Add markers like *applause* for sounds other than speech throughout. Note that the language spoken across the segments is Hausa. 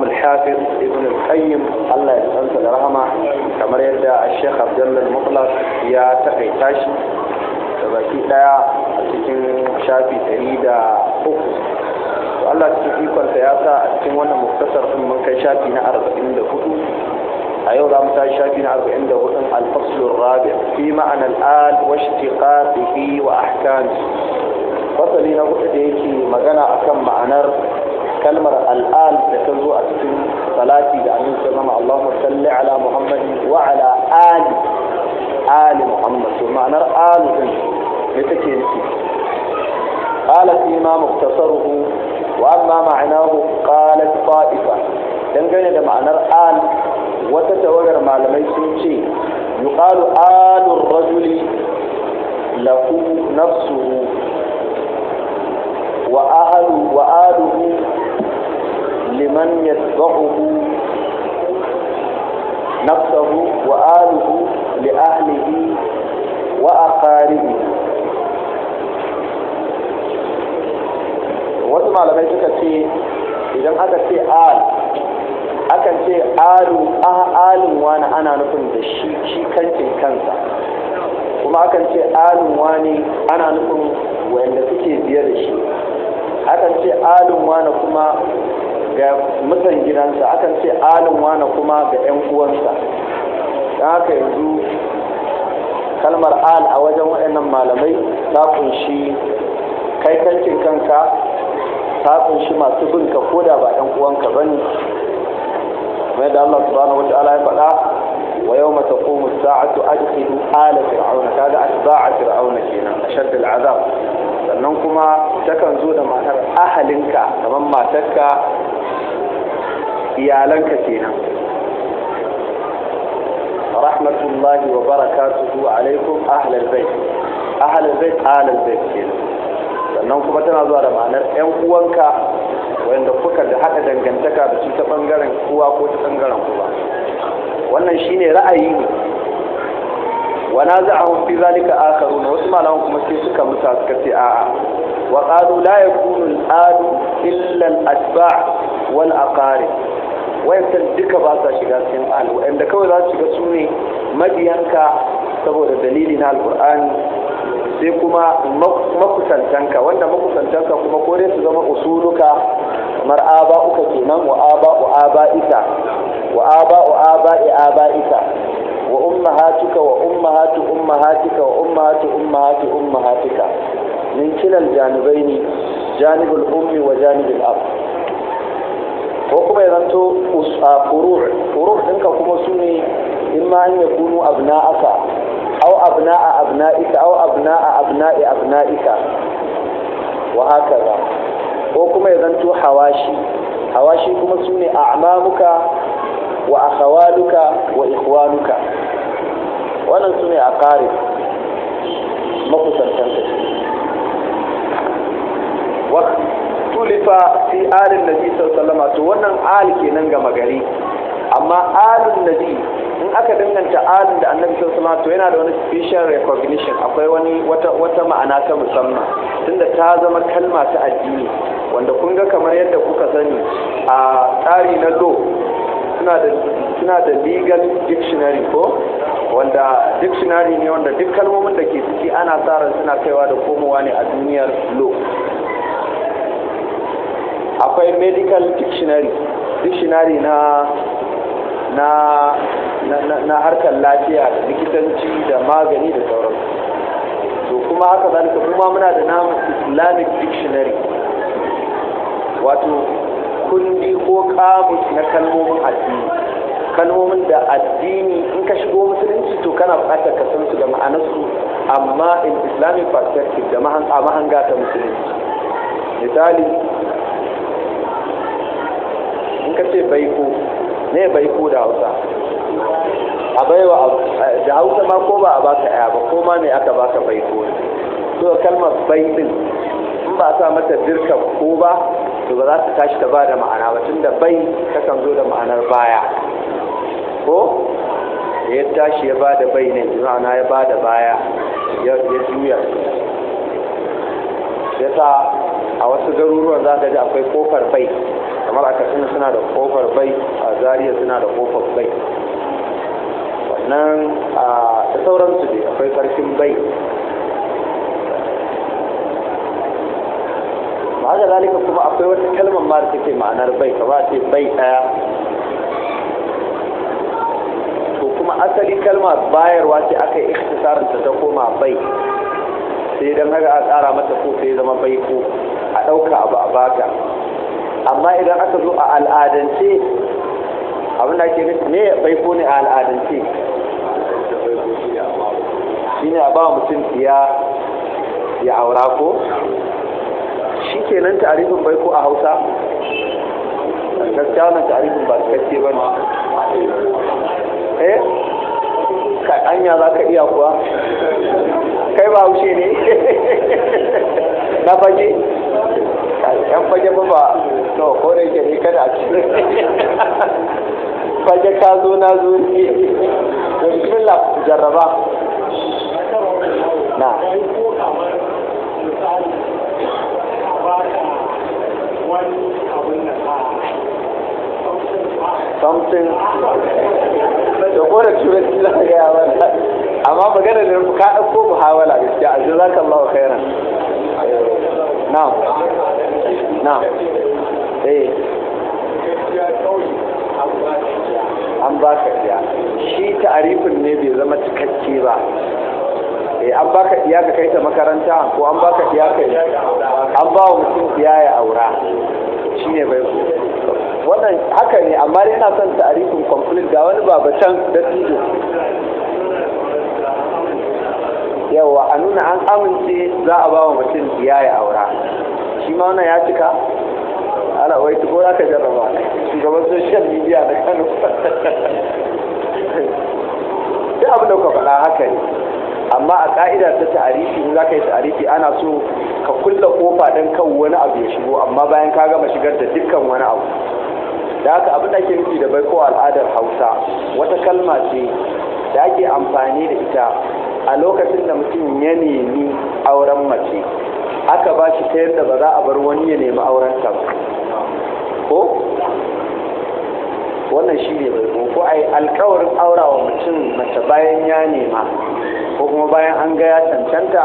الإمام الحافظ ابن القيم الله يسلمك الرحمة كما يدعى الشيخ عبد الله المخلص يا تقي تاش تبكيتا يا تكين شافي تريدا فوق والله تكيفك الفياسة أتكين مختصر في من شافي نعرف عند فوق أيوة رام تاش شافي نعرف عند فوق الفصل الرابع في معنى الآل واشتقاقه وأحكامه فصلنا وقت ديكي مغانا أكم معنى kalmar al'an da ta zo a cikin salati da amin sallama Allahumma salli ala Muhammad wa ala ali ali Muhammad to ma'anar ali din me take nufi qala fi ma muktasaruhu wa amma ma'anahu qalat ta'ifa dangane da ma'anar al wata tawagar malamai sun ce yuqalu alur rajuli lahu nafsuhu wa ahlu wa aluhu liman يتبعه نفسه wa لأهله وأقاربه wasu malamai suka ce idan aka ce al akan ce alu alin wani ana nufin da shi shi kancin kansa kuma akan ce alin wani ana nufin wanda suke biyar da shi akan ce alin wani kuma ga mutan gidansa akan ce alin wane kuma ga 'yan uwansa don haka yanzu kalmar al a wajen waɗannan malamai ta kunshi kai kankin kanka ta kunshi masu bin ka koda ba yan uwanka ba ne kuma da Allah subhanahu wa ta'ala ya faɗa wa yau mata komu sa'atu adkhilu ala fir'auna kaga atba'a fir'auna kenan shaddal azab sannan kuma takan zo da matar ahalinka kamar matarka iyalanka kenan rahmatullahi wa barakatuhu alaikum ahlal bait ahlal bait ahlal bait kenan sannan kuma tana zuwa da ma'anar yan uwanka wanda kuka da haka dangantaka da su ta bangaren uwa ko ta bangaren uba wannan shine ra'ayi ne wa naza'ahum fi zalika akharun wasu malaman kuma sai suka musa suka ce a'a wa qalu la yakunu al-adu illa al-atba' wal aqarib wayancan duka ba sa shiga cikin al'ummar da kawai za su shiga su ne mabiyanka saboda dalili na alkur'ani sai kuma makusantanka wanda makusantanka kuma ko dai su zama usuluka kamar aba uka kenan wa aba wa aba ita wa aba wa aba i aba ita wa umma ummahatuka wa umma umma hatika. wa umma umma ummahatu ummahatu ummahatika min kilal janibaini janibul ummi wa janibul ab ko kuma ya zanto furur furur ɗinka kuma su ne in ma an ya kunu abna'aka aw abna'a abna'ika aw abna'a abna'i abna'ika wa hakaza ko kuma ya zanto hawashi hawashi kuma su ne a'mamuka wa akhawaluka wa ikhwanuka wannan su ne a kare makusantanka khulifa fi alin nabi sallallahu to wannan al kenan gama gari amma alin nabi in aka danganta alin da annabi sallallahu to yana da wani special recognition akwai wani wata wata ma'ana ta musamman tunda ta zama kalma ta addini wanda kun ga kamar yadda kuka sani a tsari na do suna da suna da legal dictionary ko wanda dictionary ne wanda duk kalmomin da ke ciki ana tsara suna kaiwa da komowa ne a duniyar law akwai medical dictionary dictionary na na na harkar lafiya da likitanci da magani da sauran to kuma haka zalika kuma muna da namu islamic dictionary wato kundi ko kamus na kalmomin addini kalmomin da addini in ka shigo musulunci to kana bukatar ka san su da ma'anarsu amma in islamic perspective da a mahanga ta musulunci misali in ka ce baiko, ne baiko da hausa a baiwa da hausa ma ko ba a baka ya ba ko ma ne aka baka baiko ne to kalmar bai in ba sa mata dirka ko ba to ba za ta tashi ta ba da ma'ana ba tunda bai takan zo da ma'anar baya ko ya tashi ya ba da bai ne ma'ana ya ba da baya ya juya ya sa a wasu garuruwan za ka ji akwai kofar bai kamar a katsina suna da kofar bai a zariya suna da kofar bai wannan a sauran su ne akwai karfin bai ba da zalika kuma akwai wata kalmar ma da take ma'anar bai ka ba ce bai daya to kuma asali kalma bayarwa ce aka yi ikhtisarinta ta koma bai sai don haka a tsara mata ko sai zama bai ko a ɗauka abu a baka amma idan aka zo a al'adance abin da nufi ne bai ko ne a al'adance shi ne a ba mutum ya ya aura ko shi kenan tarifin bai ko a hausa gaskiya nan tarihin ba cikakke ba ne eh? ka anya za ka iya kuwa kai ba haushe ne *laughs* na fage yan fage ba ba to ko da yake ni kada ci fage ka zo na zo ni bismillah jarraba na something da kore turanci za ga gaya ba amma magana da ka dauko muhawala gaskiya azza jazakallahu khairan na'am na eh. ba an baka diya shi ta'arifin ne bai zama cikakke ba eh an ka diya ka kai ta makaranta ko an ba ka diya ka an ba wa mutum diya ya aura shi ne bai wannan haka ne amma yana son ta'arifin complete ga wani babatan da tijo yawa a nuna an amince za a ba wa mutum diya ya aura shi ma wannan ya cika ana wai ko za ka jarraba shugaban social media na kano duk abin da ka faɗa haka ne amma a ka'ida ta ta'arifi in za ka yi ta'arifi ana so ka kulla kofa don kan wani abu ya shigo amma bayan ka gama shigar da dukkan wani abu da haka abin da ke nufi da bai ko al'adar hausa wata kalma ce da ake amfani da ita a lokacin da mutum ya nemi auren mace aka ba shi ta yadda ba za a bar wani ya nemi auren ta ko wannan shi ne bai ko a yi alkawarin aurawa mutum mace bayan ya nema ko kuma bayan an ga ya cancanta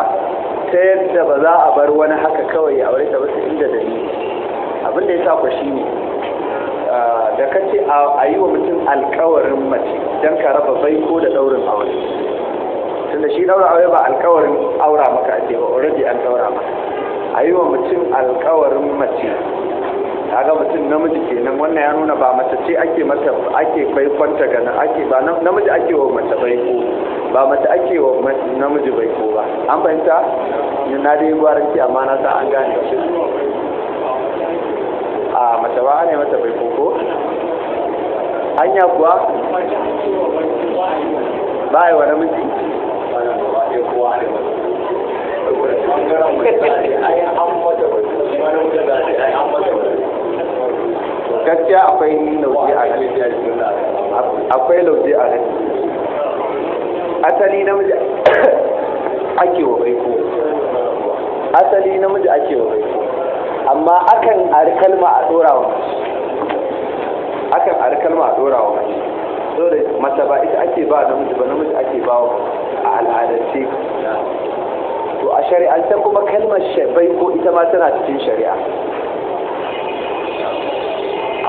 ta yadda ba za a bar wani haka kawai a aure ta wasu inda da ni abin da ya sa shi ne da kace a yi wa mutum alkawarin mace don ka raba baiko da daurin aure tunda shi daura aure ba alkawarin aura maka ake ba already an daura maka a yi wa mutum alkawarin mace kaga mutum namiji kenan wannan ya nuna ba mace ce ake mata ake bai kwanta gana ake ba namiji ake wa mace bai ko ba mace ake wa namiji bai ko ba an fahimta ni na dai ki amma na sa an gane shi a mace ba ne mata baiko ko hanya kuwa ba yi wa namiji wani gaskiya akwai lauje a akwai lauje a nan asali namiji ake wa baiko asali namiji ake wa baiko amma akan ari kalma a dora akan a mace mata ba ita ake ba namiji ba namiji ake ba a al'adance to a shari'ance kuma kalmar shabai ko ita ma tana cikin shari'a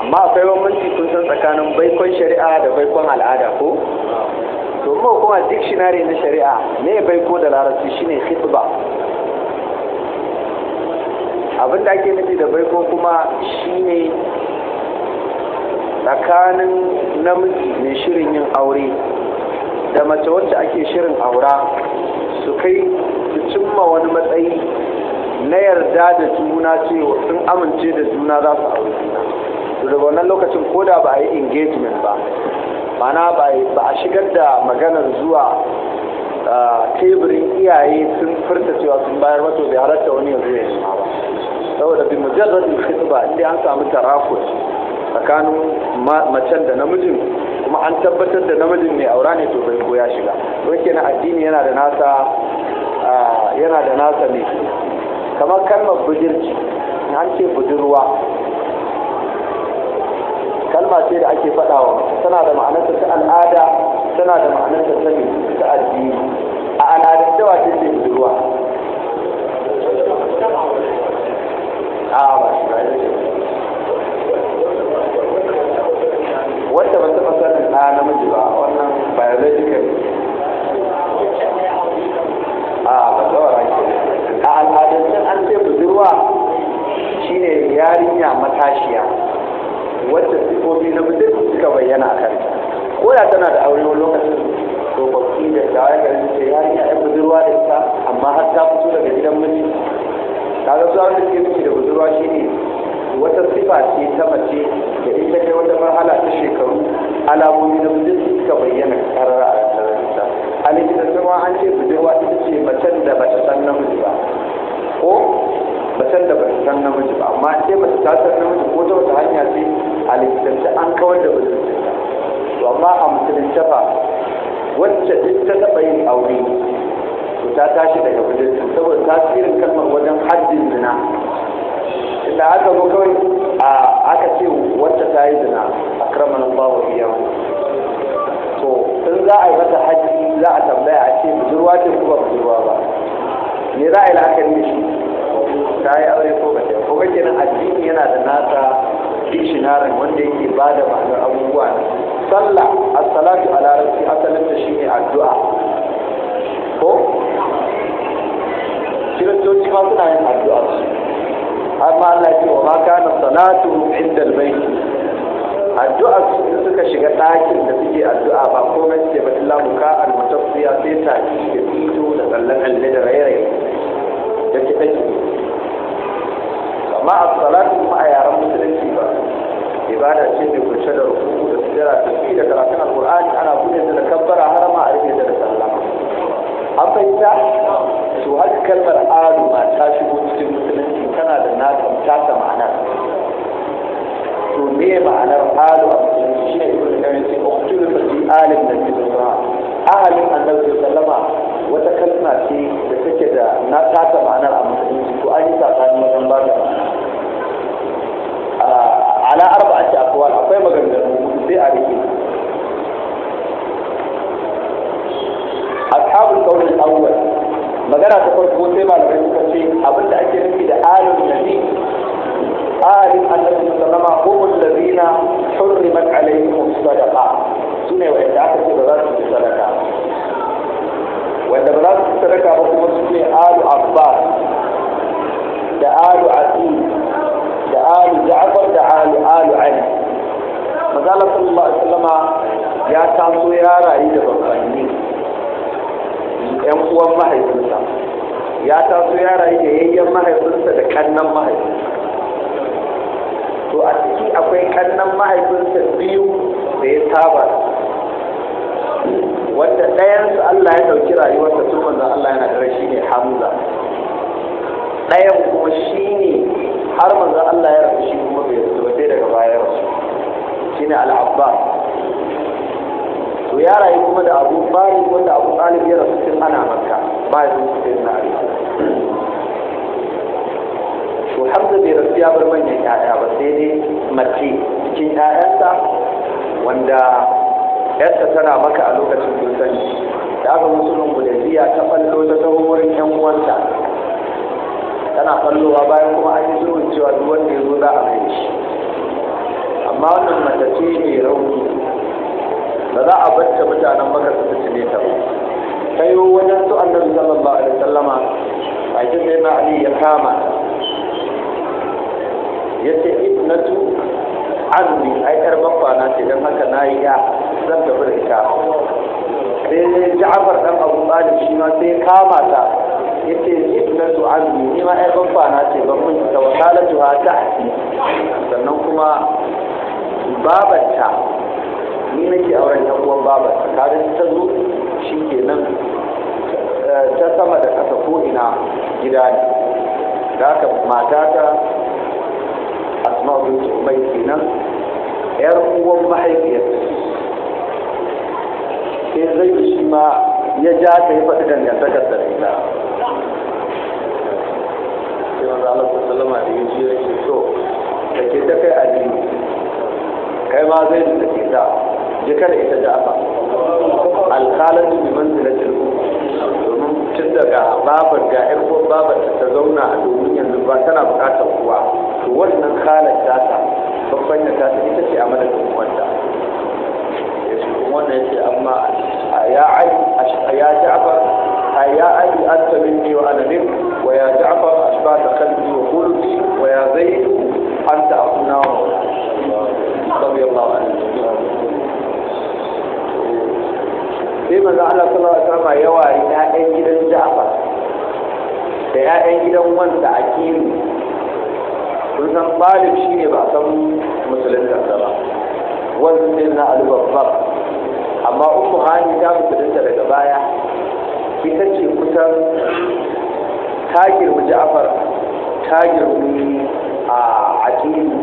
amma akwai bambanci kun san tsakanin baikon shari'a da baikon al'ada ko to mu kuma dictionary na shari'a ne baiko da larabci shine khitba abin da ake nufi da baiko kuma shine tsakanin namiji mai shirin yin aure da mace wacce ake shirin aura su kai su cimma wani matsayi na yarda da juna cewa sun amince da juna za su aure juna daga wannan lokacin ko da ba a yi engagement ba mana ba a shigar da maganar zuwa teburin iyaye sun furta cewa sun bayar wato bai halatta wani yanzu ya ba saboda bi da ba inda an samu tarakus tsakanin macen da namijin kuma an tabbatar da namijin mai aura ne to bai koya shiga don kenan addini yana da nasa yana da nasa ne kamar kalmar bujirci an ce budurwa kalma ce da ake faɗawa tana da ma'anarta ta al'ada tana da ma'anarta ta ne ta addini a al'adar dawa ce ce budurwa a ba shi ba Wata ba taɓa sanin ɗa namiji ba wannan biological a ba tsawara ke a al'adancin an ce budurwa shine yarinya matashiya wacce sifofi na budur suka bayyana a kanta ko da tana da aure wani lokacin to babbi da ta ya gari ce yarinya ya budurwa da ita amma har ta fito daga gidan miji ta su da suke da budurwa shine wata sifa ce ta mace in ta kai wata marhala ta shekaru alamomi na mutum suka bayyana karara a rantsarinta a likitan ma an ce budurwa ita ce macen da bata san namiji ba ko macen da bata san namiji ba amma in dai ta san namiji ko ta wata hanya ce a likitance an kawar da budurcinta to amma a musulunce fa wacce duk ta taɓa yin aure to ta tashi daga budurcin saboda tasirin kalmar wajen haddin zina da aka ko kawai a aka ce wacce ta yi zina a kraman bawa biyan to in za a yi mata hajji za a tambaya a ce budurwa ce kuma budurwa ba me za a yi la'akari da shi ta yi aure ko ba ko ba kenan addini yana da nasa dictionary wanda yake ba da ma'anar abubuwa ne sallah as ala a asalin ta shine addu'a ko kiristoci ma suna yin addu'a su amma Allah ce wa ma kana salatu inda albayt addu'a su suka shiga ɗakin da suke addu'a ba komai suke ba illa muka almutafiya sai ta da fito da tsallan alle da rairaye da ke ɗaki amma as-salatu kuma a yaran musulunci ba ibada ce mai kunshe da rukuku da sujjara da fi da karatun alqur'ani ana bude da kabbara harama a rufe da sallama an fahimta to haka kalmar alu ma ta shigo cikin musulunci tana da nata tasa ma'ana to me ma'anar halu a cikin shi ne ibn karim sai uktulu fa fi alim da ke zuwa ahalin annabi sallama wata kalma ce da take da na tasa ma'anar a musulunci ko an yi sakani wajen ba da ala arba'ati aqwal akwai maganganu sai a rike أصحاب القول الأول magana ta farko sai malamai suka ce abinda ake nufi آل النبي آل النبي صلى الله عليه هم الذين حرمت عليهم الصدقة سنة وإن أكثر بذات الصدقة وإن بذات الصدقة هم سنة آل عباس da alu aziz da alu ja'far da alu alu ali mazala sallallahu alaihi ya taso ya rayu da babbanni yan uwan mahaifi ya taso ya rayu da yayyen mahaifinsa da kannan mahaifinsa to a ciki akwai kannan mahaifinsa biyu da ya saba wanda ɗayansu Allah ya ɗauki rayuwarsa tun manzon Allah yana da rashi ne Hamza ɗayan kuma shi ne har manzon Allah ya rasu shi kuma bai rasu ba sai daga baya rasu shi ne al'abba. to ya rayu kuma da Abu Talib wanda Abu Talib ya rasu tun ana Makka ba ya rasu sai na Abu to hamza bai rasu ya bar manyan ƴaƴa ba sai dai mace cikin ƴaƴansa wanda ƴarsa tana maka a lokacin dusan da aka musulun budaziya ta fallo ta taho wurin ƴan uwanta tana fallowa bayan kuma an yi zuwan cewa duk wanda ya zo za a mai shi amma wannan mace ce mai rauni ba za a bacce mutanen maka su tuntune ta ba kayo wajen su annabi sallallahu alaihi wasallama a cikin na ali ya kama ya ce ibnatu azumi ai yar na ce don haka na yi ya zan tafi da ita sai ja'afar dan abu talib shi ma sai kama ta ya ce ibnatu azumi ni ma yar na ce ban mun ta wakalatu ha ta sannan kuma babarta ni nake auren yan uwan babarta kaga ta zo shi ke nan eh, ta sama da ƙasa ko ina gida ne da haka matata asma'u bin umayy kenan yar uwan mahaifiyar sai zai shi ma ya ja ta yi faɗi Allah ta sallama da yaji da ke ta kai kai ma zai da ta ita domin daga babar ga ƴar babar ta zauna a domin yanzu ba tana bukatar kuwa to wannan kalar tasa babban da tasa ita ce a madadin wanda ya ce kuma wannan ya ce amma ya ali ya ja'far a ya ali anta minni wa ana min wa ya ja'far asbata qalbi wa qulbi wa ya zaid anta abuna wa radiyallahu anhu sai maza Allah sallallahu alaihi wasallam yawa ya ɗan gidan Ja'far da ya ɗan gidan wanda akiri kun san shi ne ba san musulunta ba wanzu ne na albabbab amma uku hani ta musulunta daga baya ita ce kusan ta girma ja'afar ta girma a aƙilu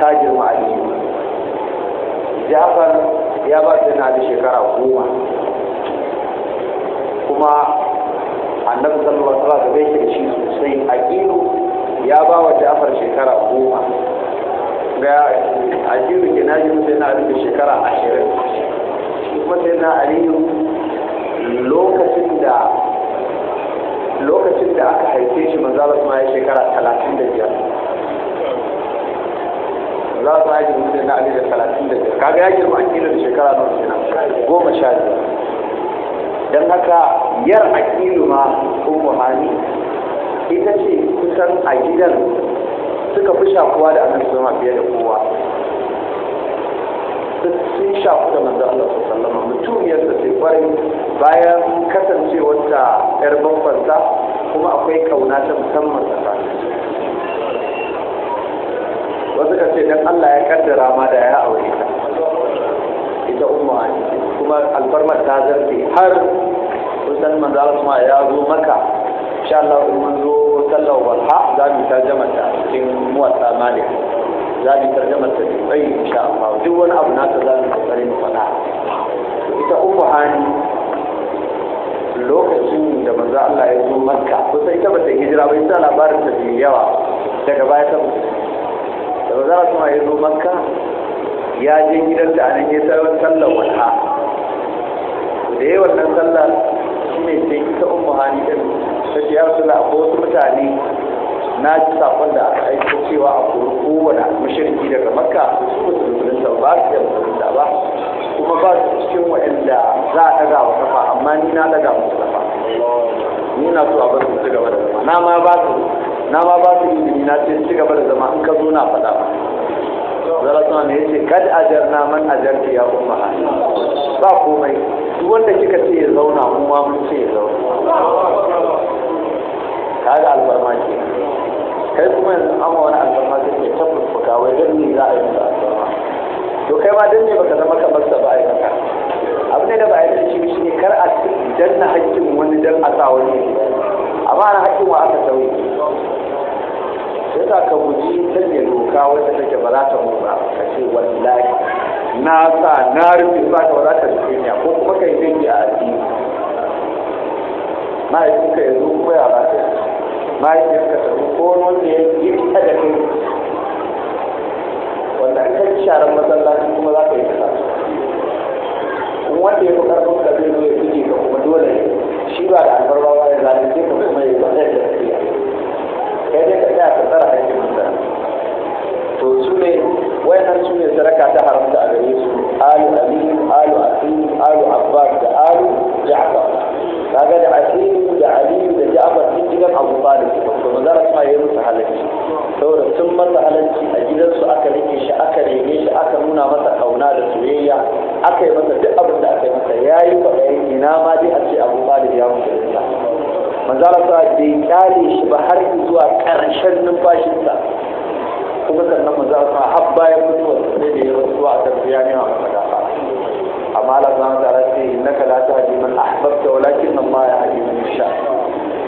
ta girma aliyu ja'afar ya ba ta na da shekara goma kuma annabi sallallahu alaihi wasallam da bai shi sosai aqilu ya ba wa jafar shekara goma ga ajiyu ke na yiwu sai na aliyu shekara ashirin kuma sai na aliyu lokacin da lokacin da aka haife shi manzala kuma ya shekara talatin da biyar za su haji mutum na aliyu da talatin da biyar kaga ya girma an da shekara na kenan goma sha biyar don haka yar akilu ma umu hani ita ce kusan a gidan suka fi shafuwa da annabi zama fiye da kowa sun shafu da manzo Allah sallama mutum yadda sai kwari bayan wata yar bambansa kuma akwai kauna ta musamman tsakanin wasu ka ce dan Allah ya kaddara ma da ya aure ta ita umma kuma alfarmar ta zarfe har kusan manzo Allah ya zo maka insha Allah in zo sallar walha za mu tarjama ta cikin muwatta malik za mu tarjama ta bai insha Allah duk wani abu naka za mu kokari mu faɗa ita ummu hani lokacin da manzo Allah ya zo Makka kusa ita bata hijira ba ita labarin ta bi yawa daga baya ta da manzo Allah ya zo Makka ya je gidan da anan ya sallar walha da yawan nan sallar shine sai ita ummu hani din ta ce ya rasu da akwai wasu mutane na ji sakon da aka aiko cewa a kori wani mashirki daga makka su ba su musulunta ba su da ba kuma ba su cikin waɗanda za a ɗaga wa kafa amma ni na ɗaga wa kafa ni na so a bar su ci gaba da zama na ma ba su na ma ba su izini na ce ci gaba da zama in ka zo na faɗa zara suna ne yace kad ajar na man ajar ya umma ba komai duk wanda kika ce ya zauna mu ma mun ce ya zauna kaga alfarma ke kai kuma yanzu an ma wani alfarma zai ke ta fuka wai don ne za a yi musu alfarma to kai ma don ne baka zama kamar sa ba a yi maka abin da ba a yi shi shi ne kar a danna hakkin wani dan a sa wani amma ana hakkin wa aka sauyi yasa ka guji sanya doka wanda take ba za ta ba ka ce wallahi na sa na rufe ba ka ba za ta rufe ni ko kuma kai yi a addini Na yi kuka yanzu koya ba ta mahaifiyarka ta ko wanda ya yi ta da kai wanda an kai sharar masallaci kuma za ka yi wanda ya fi karfin ka zai zo ya fi kuma dole ne shi ba da albarbawa ya zalunce ka kuma ya ba zai dai ka tsaya ka tsara mutane to su ne wayannan su ne sadaka ta haramta a gare su to manzara kuma ya musu halarci saboda sun masa halarci a gidansu aka rike shi aka rene shi aka nuna masa kauna da soyayya aka yi masa duk abin da aka yi masa ya yi kwaɗayi ina ma dai a ce abu da ya mutu da manzara sa bai kyale shi ba har zuwa ƙarshen numfashinsa kuma sannan manzara sa har bayan mutuwa, sai da ya rasuwa a tafiya ne a masa amma Allah subhanahu wa ta'ala sai innaka la tahdi man ahbabta walakin Allah yahdi man yasha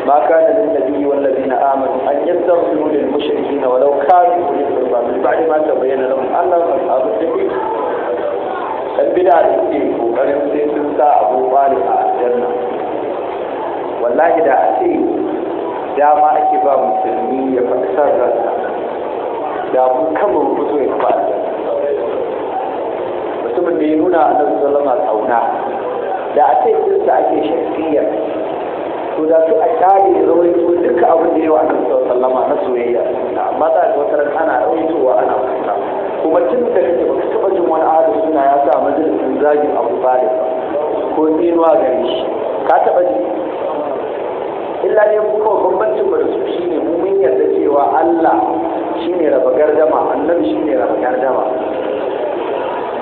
ما كان للنبي والذين آمنوا أن يستغفروا للمشركين ولو كانوا أولي القربى من بعد ما تبين لهم أنهم أصحاب الجحيم البدع تكفي وقرن سيسنسا أبو طالب الجنة والله إذا أتي dama ake ba musulmi ya faɗi san ransa da mu kan mu rubuto ya faɗi mutumin da ya nuna a nan sallama kauna da a ce ake shafiyar to da su a kyale da zaune su duka abin da yawa annabi sallallahu alaihi na soyayya amma za ga wata ana rawaitowa ana kuka kuma tun da kake baka taba jin wani adadi suna ya sa majalisin zagin abu talib ko inuwa gare shi ka taba ji illa ne kuma bambancin ba da su shine ne mun yarda cewa Allah shi ne raba gardama annabi ne raba gardama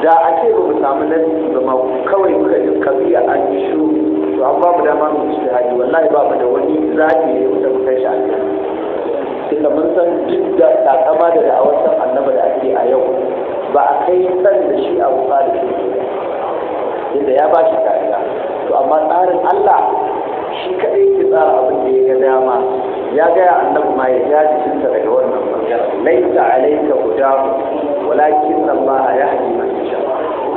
da a ce ba mu samu nasi ba kawai muka ji kabiya an shi to amma ba mu dama mu ci hadi wallahi ba mu da wani zaɓi ne mu tafi kai shi aljanna da mun san duk da takama da da'awar san annaba da ake a yau ba a kai san da shi abu talib inda ya ba shi kariya to amma tsarin Allah shi kadai ke tsara abin da ya ga dama ya gaya annabi ma ya ja sa daga wannan bangaren laita alayka hudahu walakin Allah yahdi man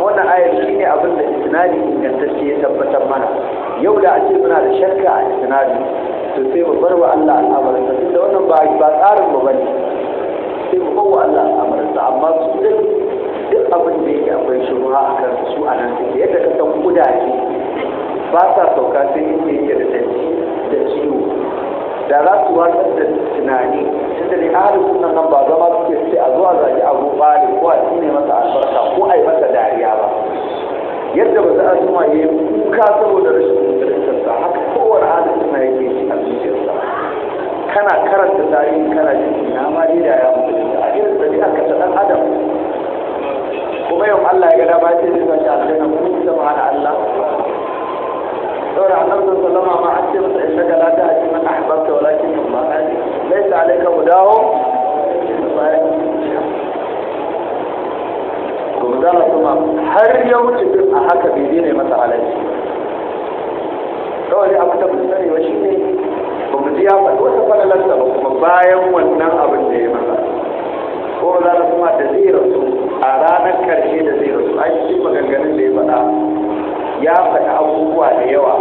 wannan ayar ne abin da isnadi ingantacce ya tabbatar mana yau da ake muna da shakka a isnadi to sai mu bar wa Allah al'amarin sa tunda wannan ba ba tsarin mu bane sai mu bar wa Allah al'amarin sa amma su duk duk abin da yake akwai shubha kan su a nan take yadda ka san kudaje ba sa sauka sai inda yake da tanci da ciwo da za su watsar da tunani tunda ne ahalin sunan nan ba zama suke ce a zuwa zaki abu bari ko a tsine masa albarka ko a yi masa dariya ba yadda ba za a zuma ya yi kuka saboda rashin mutuntarsa haka kowane ahalin suna yake shi a zuciyarsa kana karanta tarihi kana jin na ma dai da ya mutunta a irin ɗabi'a ka ta ɗan adam kuma yau Allah ya ga ba ce zai zai aljanna kuma ita Allah saboda annabi sallama ma an ce masa innaka la ta'ti man ahbabta walakin min ma'ani laysa alayka hudahu gumdana kuma har ya wuce duk a haka bai dine masa kawai abu da mun sani ba ne? ba mu ji ya wata falalarsa ba kuma bayan wannan abin da ya masa ko za kuma da zai rasu a ranar karshe da zai rasu a cikin maganganun da ya faɗa ya faɗi abubuwa da yawa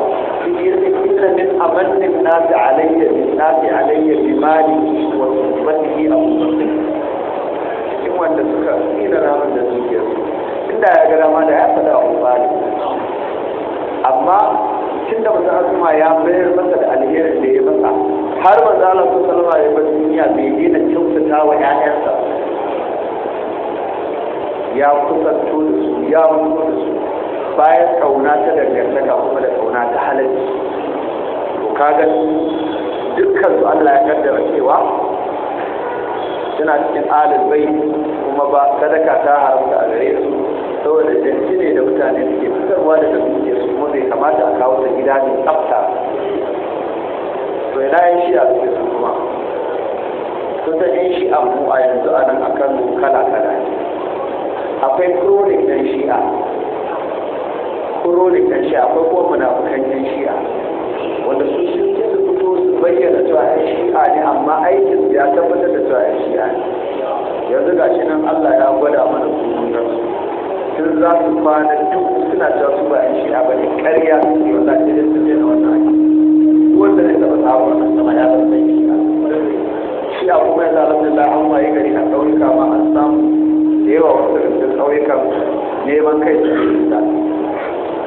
cikin inna min amannin nasi alayya min nasi alayya bi mali wa subbatihi abu cikin wanda suka tsira namun da su inda ya ga dama da ya faɗi abubuwa ne. amma cikin da masu azuma ya bayar masa da alherin da ya masa har ba za a lafi salama ya duniya bai daina kyautata wa ya kusanto da su ya mutu da su bayan kauna ta dangantaka kuma da kauna ta halarci to kaga dukkan su Allah ya kaddara cewa suna cikin alil bai kuma ba sadaka ta haramta a gare su saboda jinci ne da mutane suke fitarwa daga duke su kuma bai kamata a kawo ta gida mai tsafta to ina yin shi a cikin su kuma sun ta yin shi a mu a yanzu a nan akan kala kala akwai kronik na shi'a akwai rolin ɗan shi'a akwai kuma munafukan ɗan shi'a wanda su sun ce su fito su bayyana cewa ɗan shi'a ne amma aikin ya tabbatar da cewa ɗan shi'a ne yanzu ga shi nan Allah ya gwada mana sunansu tun za su kwana duk suna cewa su ba ɗan shi'a ba ne ƙarya su ne wanda ke da su ne na wannan aiki wanda ne taɓa samun wannan sama ya san ɗan shi'a shi'a kuma yanzu alhamdulillah an waye gari a ƙauyuka ma an samu da yawa wasu daga cikin ƙauyukan neman kai su ne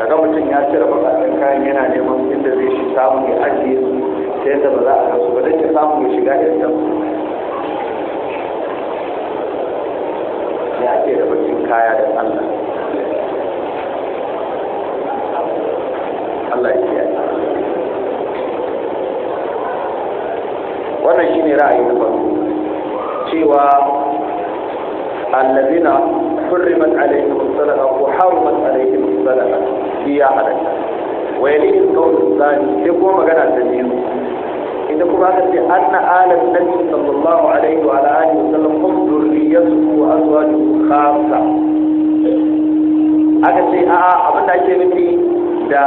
ga mutum ya cire bukatun kayan yana neman inda zai shi samun ya ajiye su ta yadda ba za a rasu ba don ya samu ya shiga yadda ya ke da bakin kaya da Allah Allah ya kiyaye wannan shine ra'ayi na farko cewa الذين حرمت عليهم الصدقه وحرمت عليهم الصدقه shi ya halatta wa yali qawlu zani sai kuma magana ta biyu inda kuma aka ce anna alan nabi sallallahu alaihi wa alaihi wa sallam hum a zuwa azwajuhu kasa aka ce a abin da ake nufi da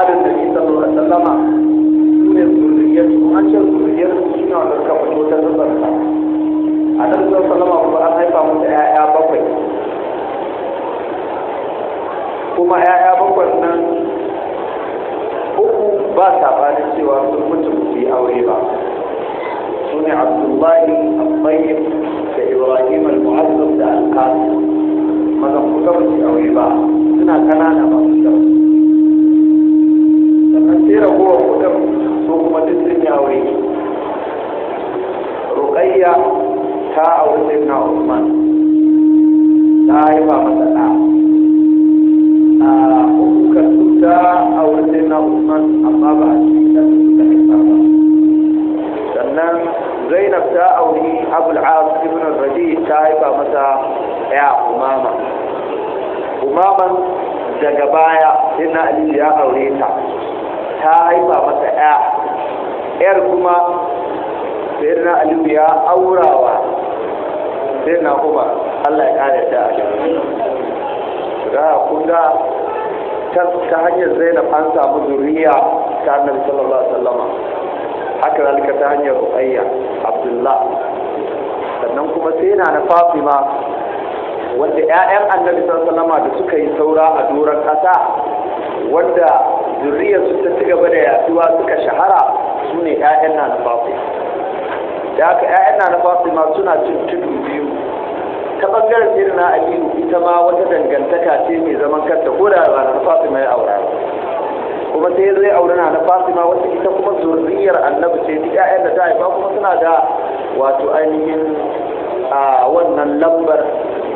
alar da sallallahu alaihi wa sallama su ne zurriyatu an ce ta a kuma an haifa musu 'ya'ya bakwai kuma ‘ya'ya bakwai nan uku ba saɓanin cewa sun mutu su yi aure ba su ne abdullahi abbayin da ibrahim al-mu'azzam da al-qasim mazan kuka ba su aure ba suna kanana ba su da sannan sai ragowar kuɗin su kuma duk sun yi aure ruƙayya ta aure na usman ta haifa masa a hukuka tuta a wajen na Usman amma ba a cikin da suka haifar ba sannan Zainab ta auri Abul As ibn Rabi ta haifa masa ya Umama Umaman daga baya ina Ali ya aure ta ta haifa masa ya yar kuma Sayyidina Ali ya aurawa Sayyidina Umar Allah ya kare ta a ga kunga ta hanyar zainab an samu zuriya ta annabi sallallahu alaihi wasallama haka zalika ta hanyar ruqayya abdullah sannan kuma sai na na fatima wanda ƴaƴan annabi sallallahu alaihi wasallama da suka yi saura a doron ƙasa wanda zurriya su ta cigaba gaba da yaduwa suka shahara su ne ƴaƴan na na fatima da haka ƴaƴan na na fatima suna cin tudu biyu ta bangaren irin na aliyu ita ma wata dangantaka ce mai zaman kanta ko da ba na fatima ya aura kuma sai zai aure na na fatima wata ita kuma zurriyar annabi ce duk ƴaƴan da ta haifa kuma suna da wato ainihin a wannan lambar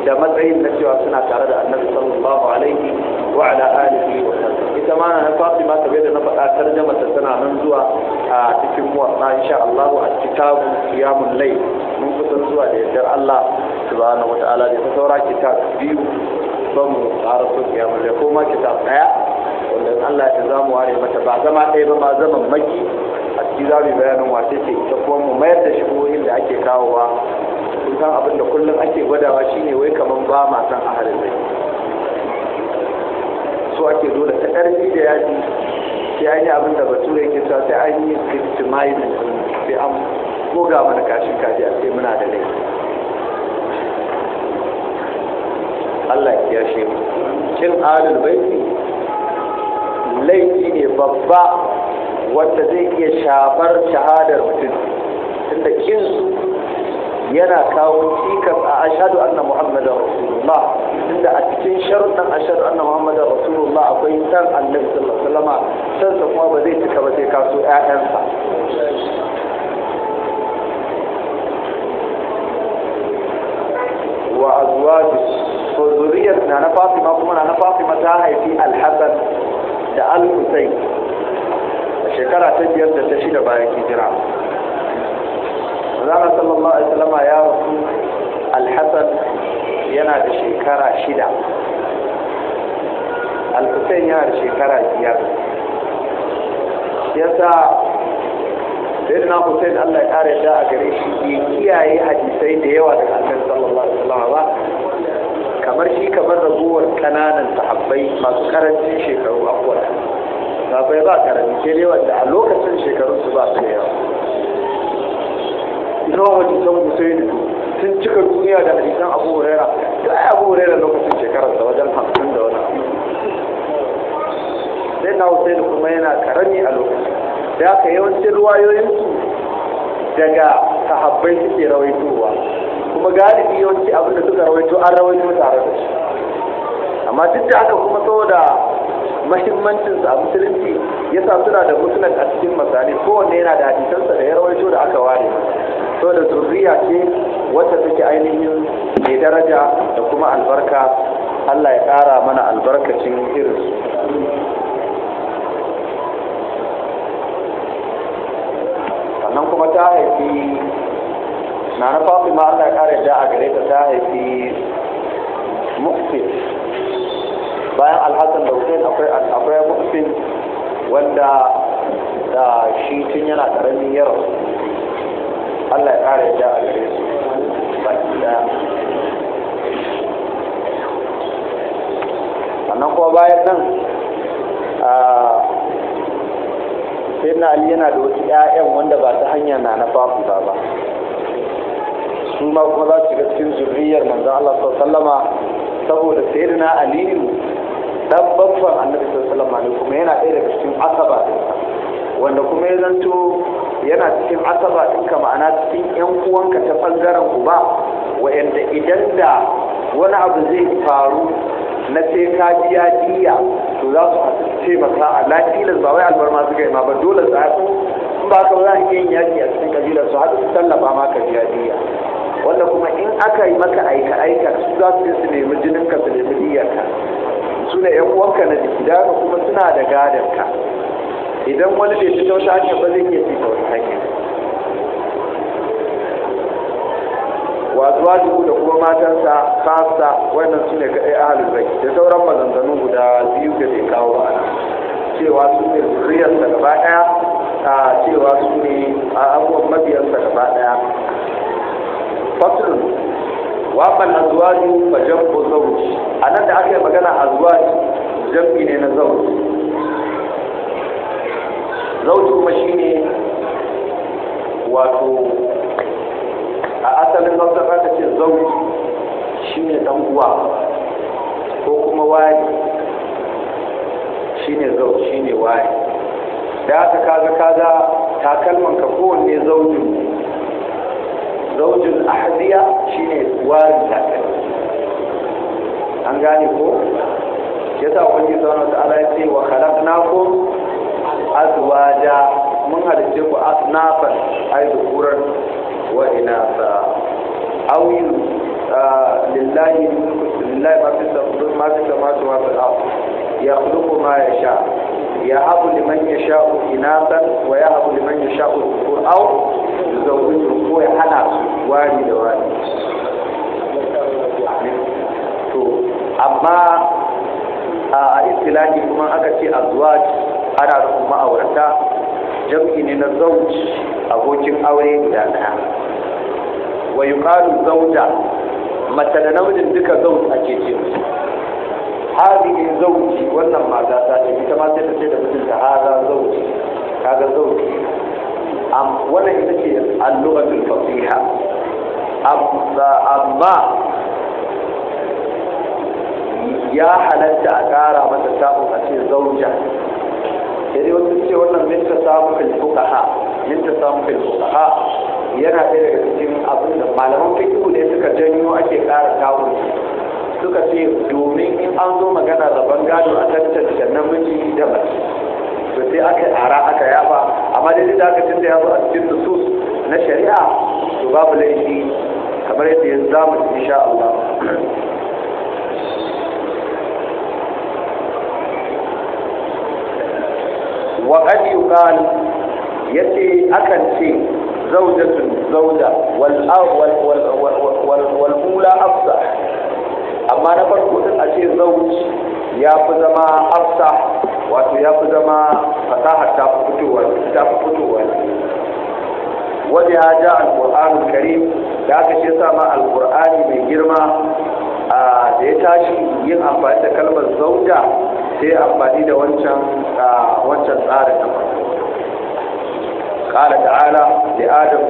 da matsayin na cewa suna tare da annabi sallallahu alaihi wa ala alihi wa sallam ita ma na fatima kamar yadda na faɗa tarjama ta tana nan zuwa a cikin muwatta insha Allah a kitabu qiyamul layl mun kusan zuwa da yardar Allah subhanahu wataala da ta saura kitab biyu ban mu ƙara ya mulle ko kitab ɗaya wanda Allah ya za mu ware mata ba zama ɗaya ba ma zaman maki a cikin za mu bayanin wace ce ita kuma mu mayar da shi shigohin da ake kawowa kun san abin da kullum ake gwadawa shine wai kaman ba ma san ahalin zai so ake dole ta ƙarfi da yaji sai an yi abin da bature yake cewa sai an yi victimizing sai an goga mana kashin kaji a sai muna da laifi Allah ya kiyashe mu cin alul baiti laifi ne babba wanda zai iya shafar shahadar mutum tunda kinsu yana kawo cikas a ashadu anna muhammadar rasulullah tunda a cikin sharuɗin ashadu anna muhammadar rasulullah akwai san annabi sallallahu alaihi san sa kuma ba zai cika ba sai kaso ƴaƴansa wa azwajihi to zuriyar na na fatima kuma na na fatima ta haifi alhassan da al-husayn a shekara ta biyar da ta shida bayan hijira zama sallallahu alaihi wasallam ya rasu alhassan yana da shekara shida al-husayn yana da shekara biyar yasa sai hussein allah ya kare da a gare shi ya kiyaye hadisai da yawa daga annabi sallallahu alaihi wasallam ba kamar shi kamar raguwar kananan sahabbai masu karancin shekaru a kuwa sahabbai ba karami sai dai wanda a lokacin shekarun su ba su yawa ina wani san da sun cika duniya da hadisan abu huraira da ai abu huraira lokacin shekararsa wajen hamsin da wani sai na da kuma yana karami a lokacin da aka yawancin ruwayoyinsu daga sahabbai suke rawaitowa kuma galibi yawanci abin da suka rawaito an rawaito tare da shi amma duk da haka kuma saboda mahimmancin a musulunci ya sa suna da musulun a cikin masali kowanne yana da hadisansa da ya rawaito da aka ware saboda zurriya ce wacce take ainihin mai daraja da kuma albarka Allah ya ƙara mana albarkacin su. sannan kuma ta haifi na na ma allah ya kare da a gare ta ta haifi mukfin bayan alhassan da hussein akwai mukfin wanda da shi tun yana karamin yaro allah ya kare da a gare su ba ta sannan kuma bayan nan sai na ali yana da wasu 'ya'yan wanda ba ta hanyar na na ba ba su ma kuma za su shiga cikin nan manzon Allah sallama saboda sayyidina aliyu dan babban annabi sallallahu alaihi kuma yana ɗaya daga cikin asaba wanda kuma ya zanto yana cikin asaba ka ma'ana cikin yan uwanka ta bangaren ba, wa'anda idan da wani abu zai faru na sai ka biya diya to za su ce maka a lafilas ba wai albarma su ma ba dole za su ba ka za a iya yin yaki a cikin kabilar su haɗu su tallafa ma ka biya diya wanda kuma in aka yi maka aika aika su za su su nemi jinin ka su nemi diyarka su ne yan uwanka na jiki da haka kuma suna da gadar ka idan wani bai ya wata hanyar ba zai iya fita wani hanyar wazuwa dubu da kuma matansa kasa wannan su ne kaɗai ahalin bai da sauran mazanzanu guda biyu da zai kawo a cewa su ne zuriyarsa gaba ɗaya a cewa su ne a abubuwan mabiyarsa gaba ɗaya faslun waƙan ba fa jam'u a nan da aka yi magana azwaj jam'i ne na zawj zawj kuma ne wato a asalin hausa ka ce shi ne dan uwa ko kuma wani shine zau ne waye da aka kaga kaga takalman ka kowanne zaujin zaujin ahadiya shine warin kai. an gane ko yasa ubangi subhanahu ta'ala ya ce wa khalaqnakum azwaja mun halice ku asnafan aizu kurar wa ina sa lillahi lillahi ma fi masu ma fi samawati wa fil ard yakhluqu ya abu liman ya sha'u inasan wa ya abu liman ya sha'u dukkan au da wujin ko ya hana su wari da wari to amma a istilahi kuma aka ce a zuwa ana rufin ma'aurata jam'i ne na zauji abokin aure guda daya wa yi zauja mace da namijin duka zauji ake ce musu hadin zauji wannan mata ta ce ita ma sai ta ce da mijinta hada zauci kaga zauji am wannan ita ce al-lughatul fasiha amma ya halatta a kara mata samun a ce zauja sai wasu ce wannan ta samu minta samun filfukaha minta samun ha, yana ɗaya daga cikin abin da malaman fiqh ne suka janyo ake kara tawuri suka ce domin in an zo magana rabon gado a tantance namiji da mace to sai aka ara aka yaba amma dai da aka tunda ya zo a cikin nusus na shari'a to babu laifi kamar yadda yanzu za mu insha Allah وقد يقال يتي أكن شيء زوجة زوجة والأولى أفصح amma na farko din a ce zauci ya fi zama afsa wato ya fi zama fasaha ta fi fitowa ta fi fitowa wani ya ja alqur'anul karim da aka ce sa ma mai girma da ya tashi yin amfani da kalmar zauja sai amfani da wancan wancan tsarin da قال تعالى لآدم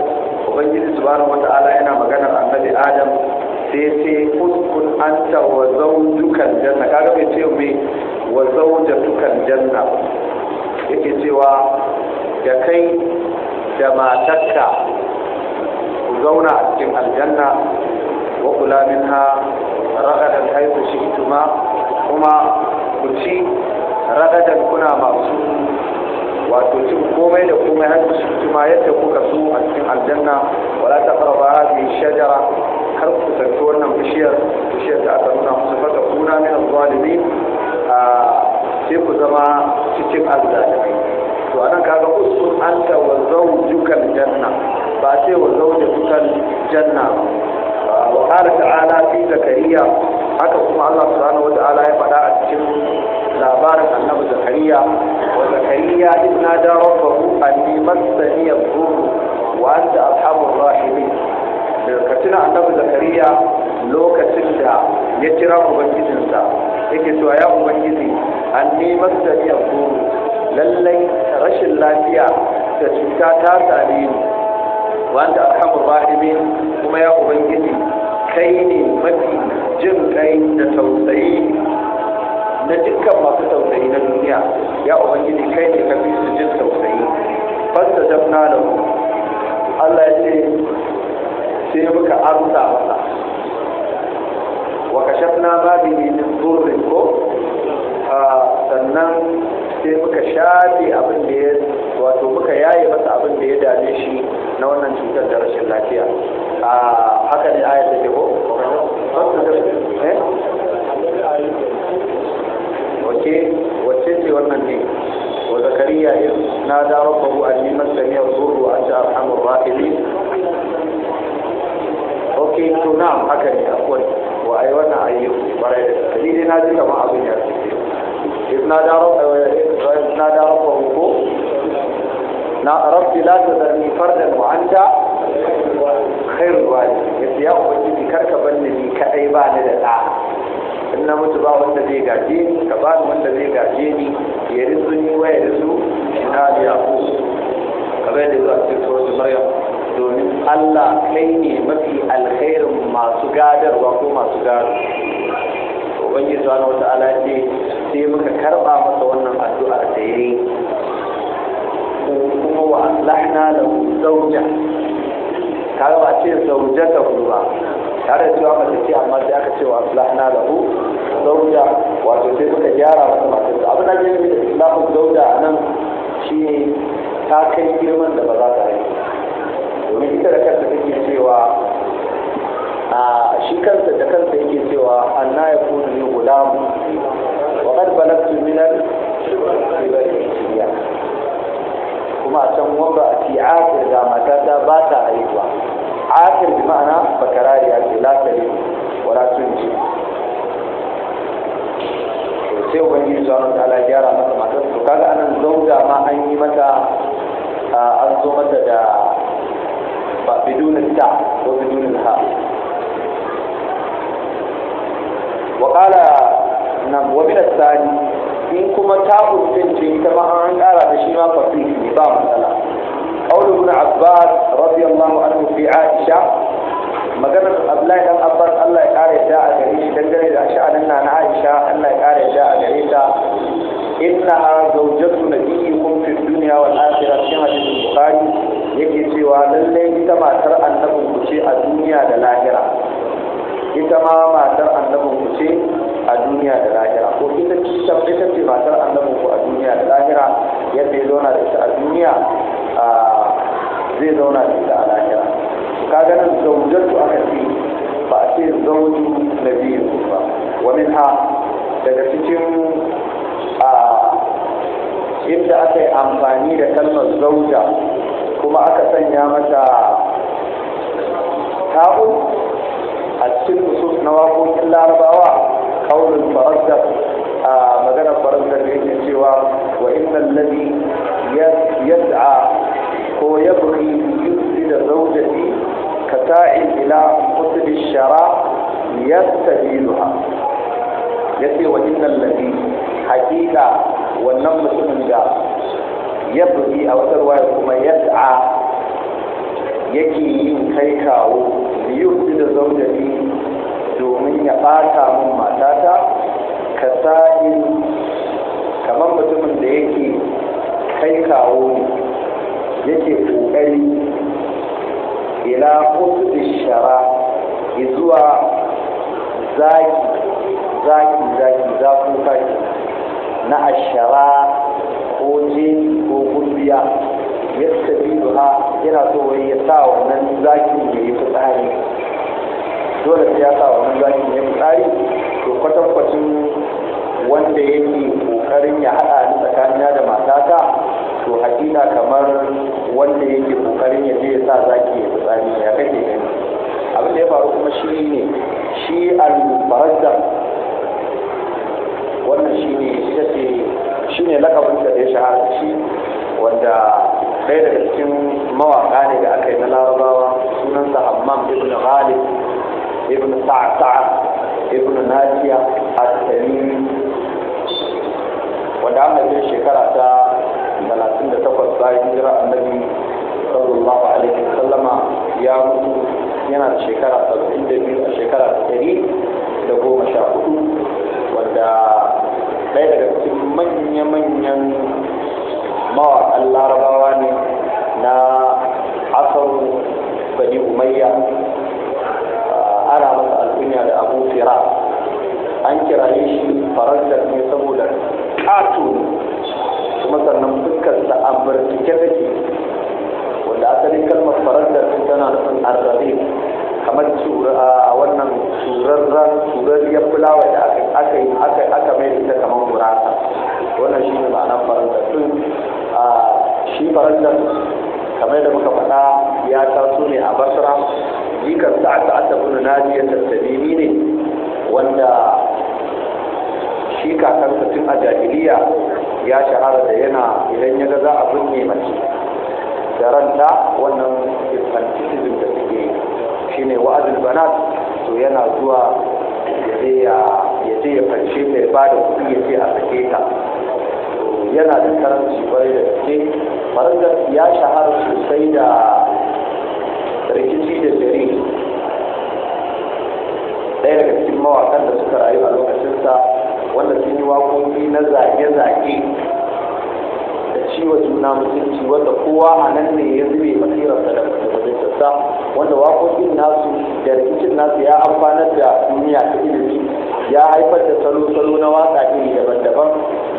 وبنجد سبحانه وتعالى هنا مجانا عن نبي Adam. sai ce uskun ta wa zawjukan janna kaga bai ce me wa zawjatukan janna yake cewa da kai da matarka ku zauna a cikin aljanna wa kula min minha ragadan haythu ituma kuma ku ci ragadan kuna masu wato cin komai da komai har ku shi'tuma yadda kuka so a cikin aljanna wala ta taqrabu hadhihi shajara har ku kusanci wannan bishiyar bishiyar da aka nuna musu kuna min zalimi a sai ku zama cikin azzalimai to anan kaga uskun anta wa zawjukal janna ba sai wa zawjukal janna wa qala ta'ala fi zakariya haka kuma Allah subhanahu Ala ya faɗa a cikin labarin annabi zakariya wa zakariya idna da rabbahu anni massani yadhur wa anta arhamur annabi zakariya lokacin da ya kira ubangijinsa yake cewa ya ubangiji an neman zariyar goro lallai rashin lafiya da cuta ta same ni wanda aka mubahimi kuma ya ubangiji kai ne mafi jin kai da tausayi na dukkan masu tausayi na duniya ya ubangiji kai ne ka su jin tausayi fasta jabna da Allah ya ce sai muka amsa masa wa kashafna ma bihi min zurri ko sannan sai muka shafi abin da ya wato muka yaye masa abin da ya dame shi na wannan cutar da rashin lafiya a haka ne ayat da ko eh? wace wace ce wannan ne wa zakariya in nada rabbahu anni masani yadurru wa anta arhamur rahimin eh to na haka ne akwai wa ai wannan ayyuka kwarai da gaske dai na ji kamar abin ya ce ibna da rabba eh, ibna eh, da rabba ko na rabbi la tadarni fardan wa anta khairul walid yace ya ubangiji karka banni ni kadai ba ni da da in na mutu ba wanda zai gaje ni ka ba ni wanda zai gaje ni ya rizu ni waya rizu na da yaqub kamar da zuwa cikin suratul maryam domin Allah kai ne alkhairin masu gadarwa ko masu gado ubangiji zuwa wata alaƙi sai muka karba masa wannan addu'ar da yayi kuma wa lahna da zauja kaga ba ce ta ba tare da cewa mace ce amma sai aka ce wa da ku zauja wato sai muka gyara masa matar sa abin da ke nufi da a nan shi ne ta kai girman da ba za ta rage domin ita da kanta take cewa a shi kansa da kansa yake cewa anna ya yi ni mu wa qad balagtu min al kuma a can wanda a fi akir da mata ta ba ta haihuwa akir bi ma'ana bakarariya ce latari wa ratunci sai yi zuwa wa ala gyara masa matar su kaga anan zauda ma an yi mata an zo mata da ba bidun ta ko bidun ha wa qala nan sani in kuma ta din ce ita ma an ƙara da shi ma fasih ne ba matsala qawl ibn abbas radiyallahu anhu fi aisha maganar abdullahi dan abbas Allah ya kare ta a gare shi dangane da sha'anin na na aisha Allah ya kare ta a gare ta innaha zawjatu nabiyyikum fi dunya wal akhirah fi hadith bukhari yake cewa lallai ita matar annabin ku ce a duniya da lahira ita ma matar annabin ku ce a duniya da lahira ko ita ce ita ce matar annabin ku a duniya da lahira yadda ya zauna da ita a duniya zai zauna da ita a lahira ka ganin zaujatu aka ce ba a ce zauju na biyu ba wani ha daga cikin inda aka yi amfani da kalmar zauja kuma aka sanya mata ta'u waƙoƙin larabawa kaunin faransa a maganar faransa da yake cewa wa innan ladhi yad'a ko yabghi yusri da zaujati ka sa'in ila qutb shara yastabiluha yace wa innal ladhi haqiqa wannan mutumin da yabghi a wata ruwaya kuma yad'a yake yin kai kawo yusri da zaujati domin ya ɓata min matata ka sa'in kamar mutumin da yake kai kawo ne yake ƙoƙari ila kusa shara zuwa zaki zaki zaki kai na ashara ko jini ko gurbiya ya ha yana so ya sa wannan zaki da ya fi tsari dole sai ya sa wannan ne ya tsari to kwatankwacin wanda yake kokarin ya hada ni tsakanina da matata to hakika kamar wanda yake kokarin ya je ya sa zaki ya tsari ya kake gani abin da ya faru kuma shi ne shi al-barazza wannan shi ne ita shi ne lakabin da ya shahara shi wanda ɗaya daga cikin mawaƙa ne da aka yi na larabawa sunansa hammam ibn ghalib ابن sa'sa ibn najiya at-tamimi wanda an haife shekara ta 38 bayan hijira annabi sallallahu alaihi wasallama ya mutu yana da shekara 72 a shekara 114 wanda ɗaya daga cikin manya-manyan mawaƙan larabawa ne na asar bani umayya kunya da abu fira an kiraye shi faransa ne saboda ne kuma sannan fuskarsa a birtike take wanda asalin kalmar faransa tana nufin arzabe kamar a wannan turarren turarriyar fulawa da aka yi aka mai ita kamar gurasa wannan shi ne ma'anar faransa shi faransa kamar da muka faɗa ya taso ne a basra jikar sa'ad kuna najiyar da tabini ne wanda shi kakansa tun a jahiliya ya shahara da yana idan ya ga za a binne mace da ranta wannan infantilism da suke shine wa'azin banat to yana zuwa ya je ya fanshe mai ba da kuɗi ya ce a sake ta yana da karanci kwarai da gaske faransa ya shahara sosai da rikici da jari ɗaya daga cikin mawakan da suka rayu a lokacinsa wanda sun yi waƙoƙi na zage-zage da ciwo juna mutunci wanda kowa a nan ne ya zube basirarsa da mutuntarsa wanda waƙoƙin nasu da rikicin nasu ya amfanar da duniya ta ilimi ya haifar da salo-salo na watsa iri daban-daban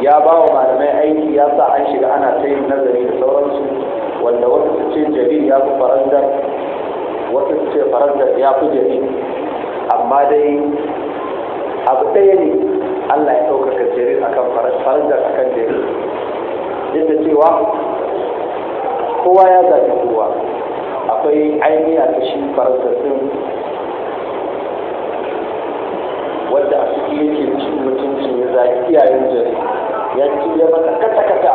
ya ba wa malamai aiki ya sa an shiga ana ta yin nazari da sauransu wanda wata su ce jarir ya fi faranzar wata su ce faransa ya fi jami amma dai abu ɗaya ne allah ya ɗaukaka a akan faransa akan jerin yadda cewa kowa ya zaɓi kowa akwai ainihi a kashi faransa ɗin wanda a ciki yake cin mutunci ya zaɓi iyayen jari ya ci ya mata kata-kata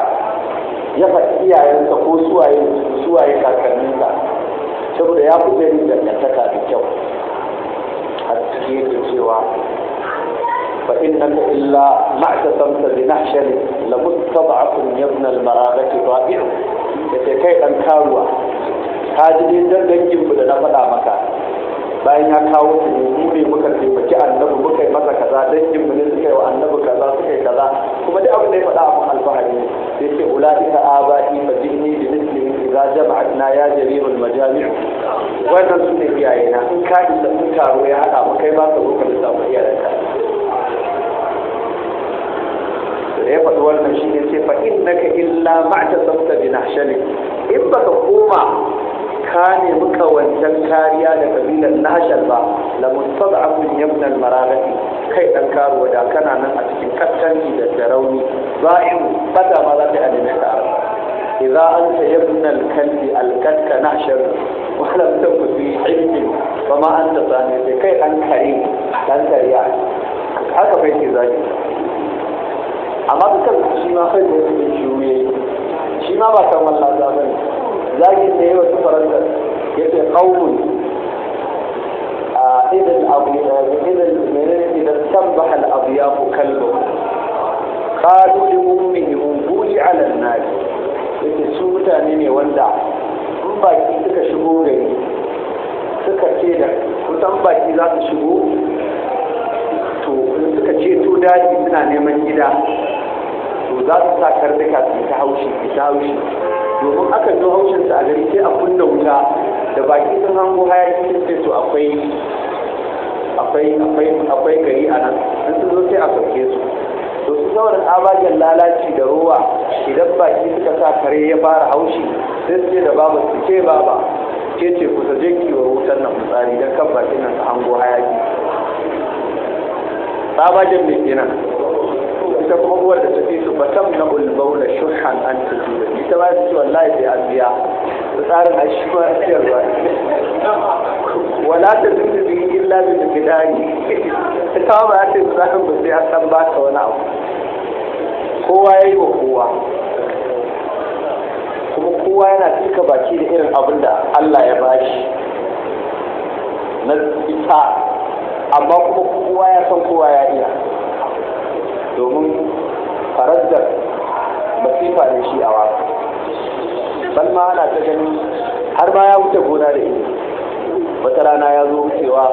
ya faɗi iyayensa ko suwaye suwaye kakanninsa saboda ya fi da dangantaka da kyau a cikin yake cewa fa ta illa ma ta samta bi nahshari la mustad'afun yabna al marabati rabi'u yace kai ɗan karuwa ka ji dai dangin da na faɗa maka bayan ya kawo su mu ne muka taimaki annabi muka yi masa kaza dangin mu ne suka yi wa annabi kaza suka yi kaza kuma duk abin da ya faɗa a mun alfahari ne sai ce ulaika aba'i fa jinni bi mislihim idza jama'atna ya jarirul majami'u wannan su ne iyayena in ka isa in taro ya haɗa mu kai ba ka zo ka samu iyayenka da ya faɗi wannan shi ne ce fa innaka illa ma'ta sabta bi nahshalik in baka koma ka nemi kawancan kariya da kabilar nashar ba la mustaza abin yamnal kai dan karuwa da kana nan a cikin kaskanci da sarauni ba'in fata ma za ta a adana ta idza anta yabnal kalbi alkatka nashar wa lam takun bi ilmin fa ma anta sani kai dan kare dan kariya haka kai ke zaki amma duka shi ma kai da shi shi ma ba kamar lazaba ne zagin da yawa su faransa ya ce kawun a idan abu idan menene idan sabbaha al-abu ya ku kalbu qalu li ummihim buji ala an-nar yace su mutane ne wanda in baki suka shigo da suka ce da kusan baki za su shigo to suka ce to daji suna neman gida to za su sa karnuka su ta haushi ta haushi domin akan zo haushinsa a gari sai a kunna wuta da baki sun hango hayaki sun ce to akwai akwai akwai akwai gari a nan in su zo sai a sauke su to su sauran abagen lalaci da ruwa idan baki suka sa kare ya fara haushi sai su ce da babu su ce baba ke ce ku saje kiwo wutar nan fitsari don kan bakin nan su hango hayaki abagen mai kenan ita kuma uwar da tafi su batam na da shuhan an tafi da ita ba su ce wallahi sai an biya tsarin a shi ma siyarwa wala ta zuci da illa bi Ta ita ba ta yi tsarin ba sai a san ba ta wani abu kowa ya yi wa kowa kuma kowa yana cika baki da irin abin da Allah ya bashi na ita amma kuma kowa ya san kowa ya iya domin faraddar masifa ne shi a waka ban ma ana ta gani har ma ya wuce gona da ini wata rana ya zo wucewa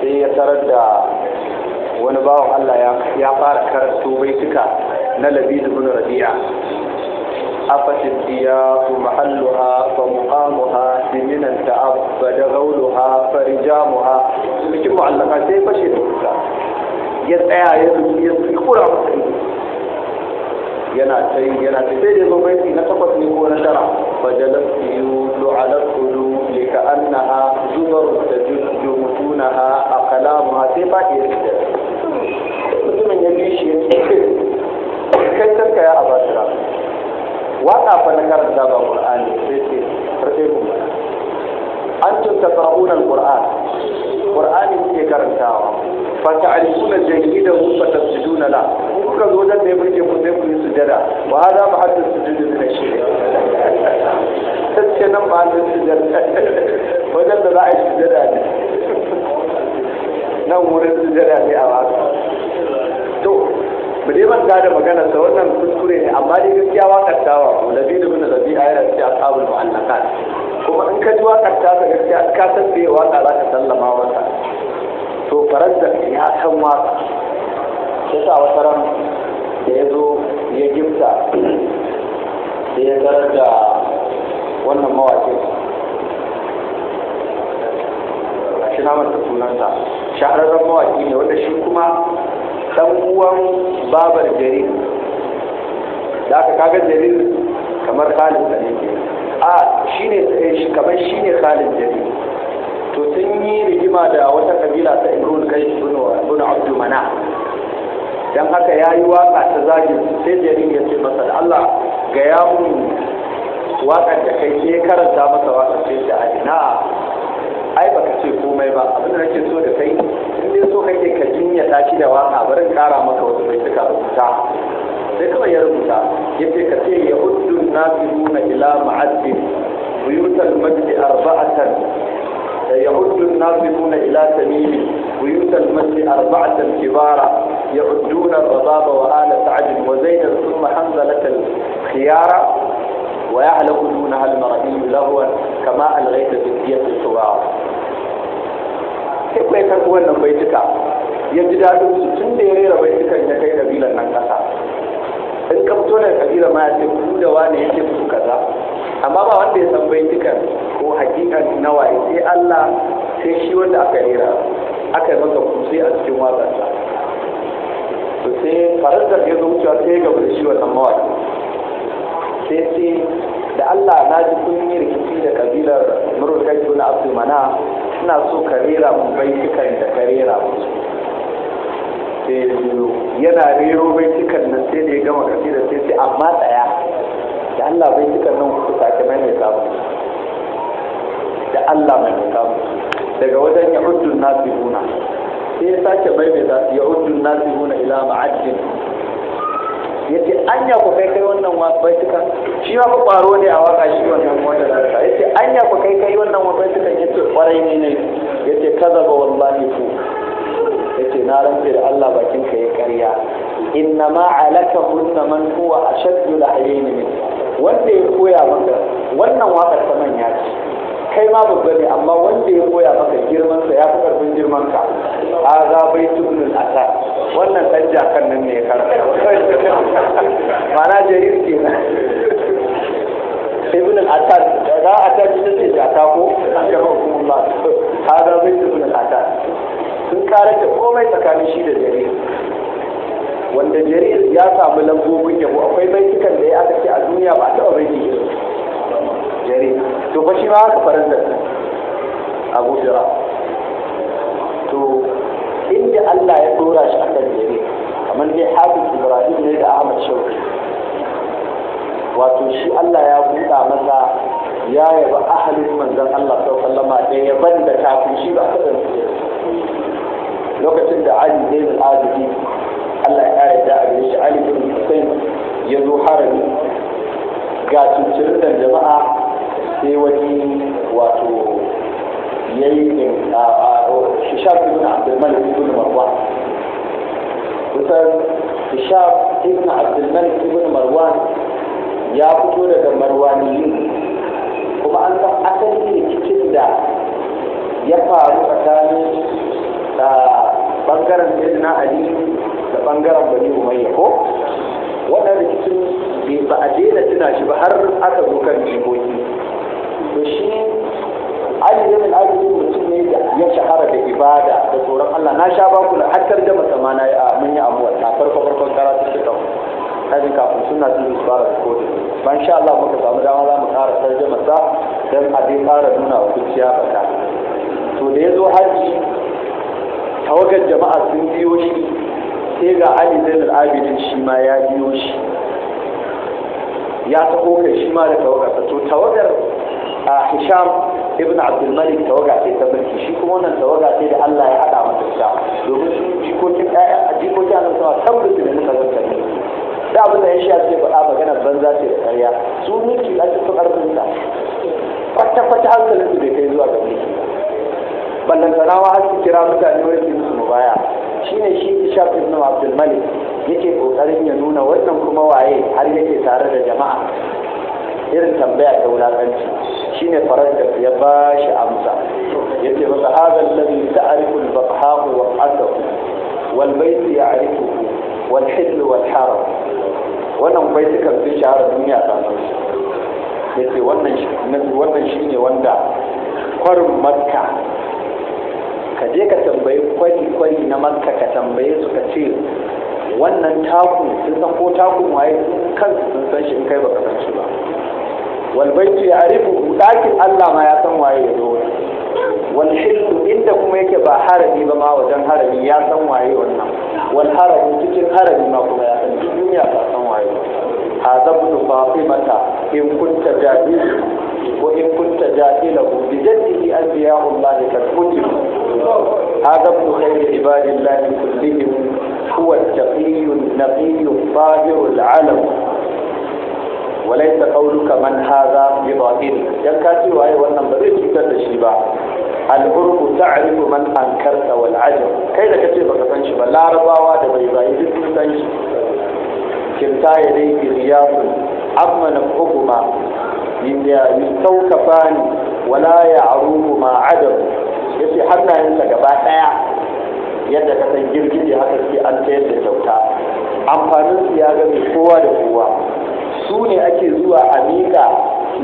sai ya tarar da wani bawan Allah ya fara karanto bai suka na labid ibn rabi'a أفت الثياب da فمقامها سمنا تعبد غولها فرجامها cikin mu'allaka sai fashe da ya tsaya ya zuci ya zuci kura masu ido yana ta yi yana ta sai da zo baiti na takwas ne ko na tara fajalastu yulu kudu ne ka annaha zubar da tajuddu mutunaha ha sai fadi ya fita mutumin ya bi shi ya kai tarka ya abatira waka fa na karanta ba qur'ani sai sai karfe kuma an taqra'una al-qur'an qur'ani kuke karantawa fa ta'rifuna jahidahu fa tasjuduna la kuka zo da ne muke ku sai ku yi sujada wa hada ma hatta sujudu min shi sai nan ba da sujada wajen da za a yi sujada ne nan wurin sujada ne a wasu to mu dai manta da magana sa wannan kuskure ne amma dai gaskiya waƙar tawa mu da bin rabi'a yana cikin qabul mu'allaqat kuma in ka ji waƙar ta ta gaskiya ka san me waƙa za ka sallama wata to faransa ya san waƙa ya sa wata ran da ya zo ya gimta sai ya zarar da wannan a shi na masa sunanta shahararren mawaƙi ne wanda shi kuma ɗan uwan babar jari da aka kaga jari kamar halin da ne a ah, shine kamar shine Khalid jari to sun yi rigima da wata kabila ta Imrul kai ibn ibn Abdul Manaf dan haka yayi waka ta zagi sai jari ya ce masa da Allah ga ya mun waka da kai ke karanta masa waka sai da ina ai baka ce komai ba abin da nake so da kai in dai so kake ka jinya ta shi da waka barin kara maka wasu mai suka rubuta sai kawai ya rubuta yake ka ce yahuddun nasiruna ila ma'adin. بيوت المجد أربعة يعد الناظرون إلى تميم بيوت المجد أربعة كبارا يعدون الرضاب وآلة عجل وزيد ثم حنظلة الخيارة ويعلق دونها المرئي لهوا كما ألغيت بالدية الصغار كيف يكون wannan بيتك يجد ji dadin su بيتك إن ya rera baitukan إن kai kabilan nan kasa in ka كذا amma ba wanda ya san baitukan ko hakikan nawaye sai Allah sai shi wanda aka rera aka maka kusi a cikin waƙarsa to sai faransa ya zo wucewa sai ga da shi wannan mawaƙi sai sai da Allah na ji kun yi rikici da kabilar Nurul Kaito na Abdul Mana ina so ka rera mun baitukan da ka rera musu sai yana rero baitukan nan sai da ya gama kabilar sai sai amma tsaya da Allah bai cikin nan ku sake mai mai samu da Allah mai mai samu daga wajen ya uddun huna sai ya sake mai mai samu ya uddun nasihuna ila ma'ajin ya ce anya ku kai kai wannan baituka shi ma ku ne a waka shi wannan wanda zarta ya ce anya ku kai kai wannan baitukan ya ce ƙwarai ne ne ya ce kaza ba wallahi ku ya ce na rantse da Allah bakin ka ya karya inna ma alaka kunna man huwa ashaddu la'ayni min wanda ya koya maka wannan wakar ta manya ce kai ma babba ne amma wanda ya koya maka girman sa ya fi karfin girman ka a zabai bai tunin asa wannan dan jakan nan ne ya karfa mana jarir ke nan ibn al-atar za a ta ce jaka ko a bai tunin atar sun kare komai tsakanin shi da jarir wanda jarir ya samu lambobin yabo akwai baitukan da ya aka ce a duniya ba a taɓa baiti irin jarir to fa shi haka faranta abu jira to inda Allah ya dora shi akan jarir kamar dai hafiz ibrahim ne da ahmad shauki wato shi Allah ya buɗa masa ya yaba ahalin manzon Allah sallallahu alaihi wasallam ya da kafin shi ba taɓa lokacin da Ali bin Abi Allah ya kare da a shi Ali ibn Husayn ya zo harami ga cincirin jama'a sai wani wato yayi a Hisham ibn Abdul ibn marwa kusan ibn ibn ya fito daga Marwaniyin kuma an san asali cikin da ya faru tsakanin bangaren sayyidina ali da bangaren bani umayya ko wannan rikicin bai ba a daina tuna shi ba har aka zo kan jikoki to shi ali ne min ali mutum ne da ya shahara da ibada da tsoron Allah na sha baku na hakkar da masama na mun yi abuwa a farko farkon karatu shi kan kaji kafin suna sun su fara kodi ban sha Allah muka samu dama za mu ƙara tarjama sa don a dai fara nuna kuciya fata to da ya zo hajji tawagar jama'a sun biyo shi sai ga ali zai abidin shi ma ya biyo shi ya taho kai shi ma da tawagar to tawagar a hisham ibn abdulmalik tawaga sai ta mulki shi kuma wannan tawaga sai da Allah ya hada mata ita domin su jikokin ɗaya a jikokin annabi sama tabbas da nuka zanta ne da abin da ya shi ce faɗa magana banza ce da ƙarya su mulki a cikin ƙarfin ta kwata kwata hankalin su bai kai zuwa ga mulki ba har su kira mutane wani shine shi ishaq ibn abdul malik yake kokarin ya nuna wannan kuma waye har yake tare da jama'a irin tambaya ta wulakanci shine faranta ya ba shi amsa yace masa hadha alladhi ta'rifu al-bahaq wa al-adab wal bayt ya'rifu wal hil wal haram wannan bayt kan fi shahara duniya ta yace wannan shi wannan shine wanda kwarin makka ka je ka tambayi kwari-kwari na makka ka tambaye su ka ce wannan taku sun san ko takun waye kan sun san shi in kai baka san shi ba walbaitu ya arifu ɗakin Allah ma ya san waye ya zo wal hilu inda kuma yake ba harami ba ma wajen harami ya san waye wannan wal harami cikin harami ma kuma ya san duniya ta san waye hadabnu fatimata in kunta jahili وإن كنت جاهله بجده أنبياء الله قد قتلوا هذا ابن خير عباد الله كلهم هو التقي النقي الطاهر العلم وليس قولك من هذا بظاهر يكاتي وهي وانا بريد جدا الشيبة العرب تعرف من أنكرت والعجب كيف كتب كتنش لا ربا واد بيبايد كتنش كنتاي ليك رياض أمن حكما ya yi yastawkafa ni wala ya ya'ruhu ma adam yace hannayensa gaba daya yadda ka san girgije haka sai an tayar da kyauta amfanin su ya ga kowa da kowa su ne ake zuwa Amika miƙa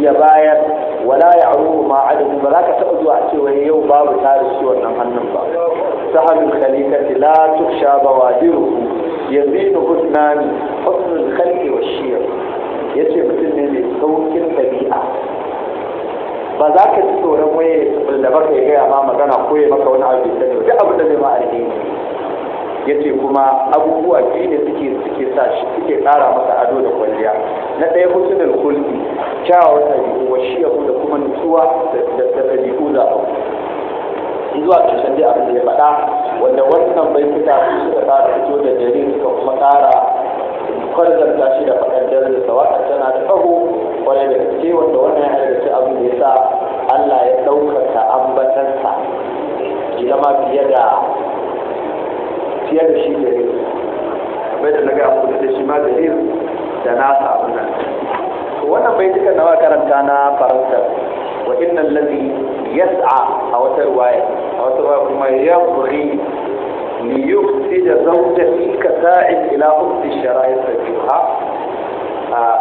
ya bayar wala ya aruhu ma adamu ba za ka taɓa zuwa a cewa yau babu tarin shi wannan hannun ba sahalul khalikati la tuksha bawadiru yazinu husnani husnul khalqi wa shiyar ya ce mutum ne mai saukin ɗabi'a ba za ka ji tsoron waye da baka yi gaya ma magana ko ya maka wani abu da duk abin da zai ma alheri ya ce kuma abubuwa biyu ne suke suke sa shi suke ƙara masa ado da kwalliya na ɗaya husnul kulki kyawawan ɗabi'u wa ya da kuma nutsuwa da ɗabi'u a abu zuwa ƙarshen dai abin da ya faɗa wanda wannan bai fita su suka ƙara fito da jari suka kuma ƙara farzanta shi da faɗaɗɗar da sawa'a tana da tsaho wani da gaske wanda wannan ya daga abin da ya sa Allah ya ɗaukaka ambatarsa ya zama fiye da fiye da shi da bai da naga abu da shi ma da da nasa abin nan wannan bai duka nawa karanta na faransa wa inna ya yas'a a wata ruwaya a wata ruwaya kuma ya buri liyufsida zawjati ka sa'in ila hubbi shara'ir rajuha